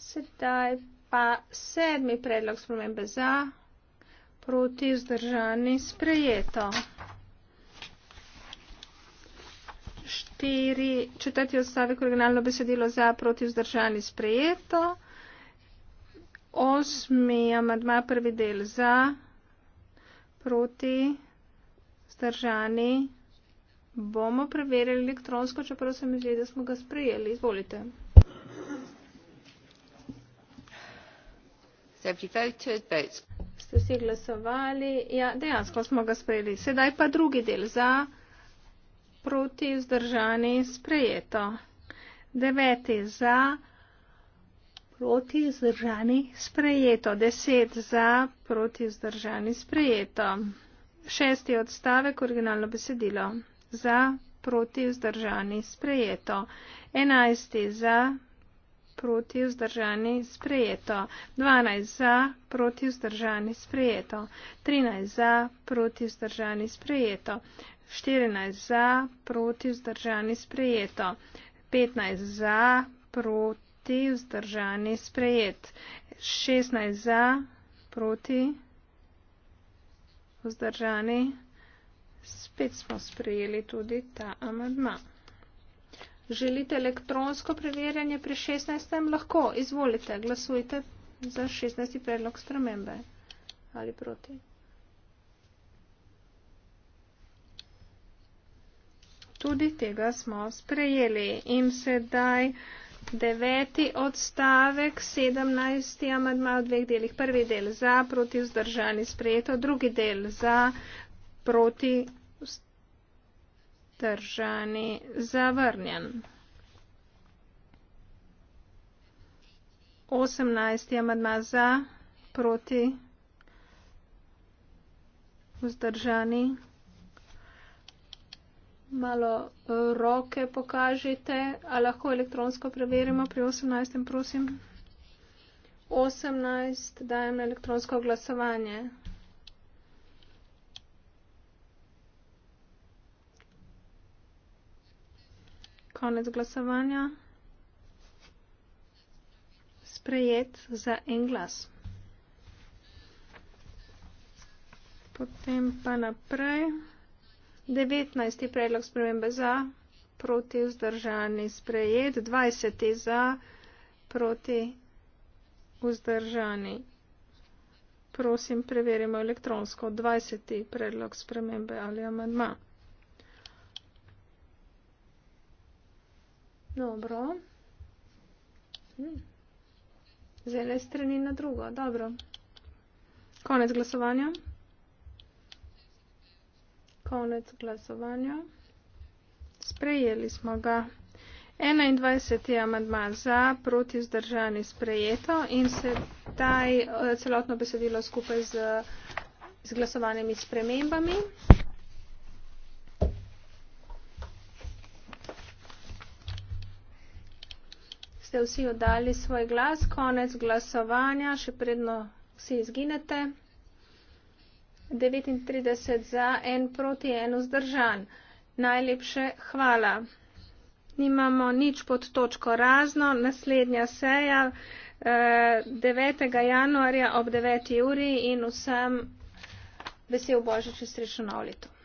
Sedaj pa sedmi predlog spremembe za, proti zdržani sprejeto. Štiri, četrti odstavek originalno besedilo za, proti zdržani sprejeto. Osmi amadma prvi del za, proti zdržani sprejeto. Bomo preverili elektronsko, čeprav se mi zdi, da smo ga sprejeli. Izvolite. Ste vsi glasovali? Ja, dejansko smo ga sprejeli. Sedaj pa drugi del za proti zdržani sprejeto. Deveti za proti zdržani sprejeto. Deset za proti zdržani sprejeto. Šesti odstavek originalno besedilo za, proti vzdržani sprejeto. 11 za, proti vzdržani sprejeto. 12 za, proti vzdržani sprejeto. 13 za, proti vzdržani sprejeto. 14 za, proti vzdržani sprejeto. 15 za, proti vzdržani sprejet. 16 za, proti vzdržani sprejeto. Spet smo sprejeli tudi ta amadma. Želite elektronsko preverjanje pri 16. Lahko, izvolite, glasujte za 16. predlog spremembe ali proti. Tudi tega smo sprejeli in sedaj deveti odstavek, sedemnajsti amadma v dveh delih. Prvi del za, proti vzdržani sprejeto, drugi del za, proti vzdržani zavrnjen. 18. amadma za proti vzdržani. Malo e, roke pokažite, a lahko elektronsko preverimo pri 18. prosim. 18. dajem na elektronsko glasovanje. konec glasovanja. Sprejet za en glas. Potem pa naprej. 19. predlog spremembe za, proti vzdržani sprejet, 20. za, proti vzdržani. Prosim, preverimo elektronsko 20. predlog spremembe ali amadma. Dobro. Hmm. Zdaj strani na drugo. Dobro. Konec glasovanja. Konec glasovanja. Sprejeli smo ga. 21. amadma za, proti zdržani sprejeto in se taj eh, celotno besedilo skupaj z, z glasovanimi spremembami. ste vsi oddali svoj glas, konec glasovanja, še predno vsi izginete. 39 za, en proti, en vzdržan. Najlepše hvala. Nimamo nič pod točko razno. Naslednja seja 9. Eh, januarja ob 9. uri in vsem vesel božič in srečno novo leto.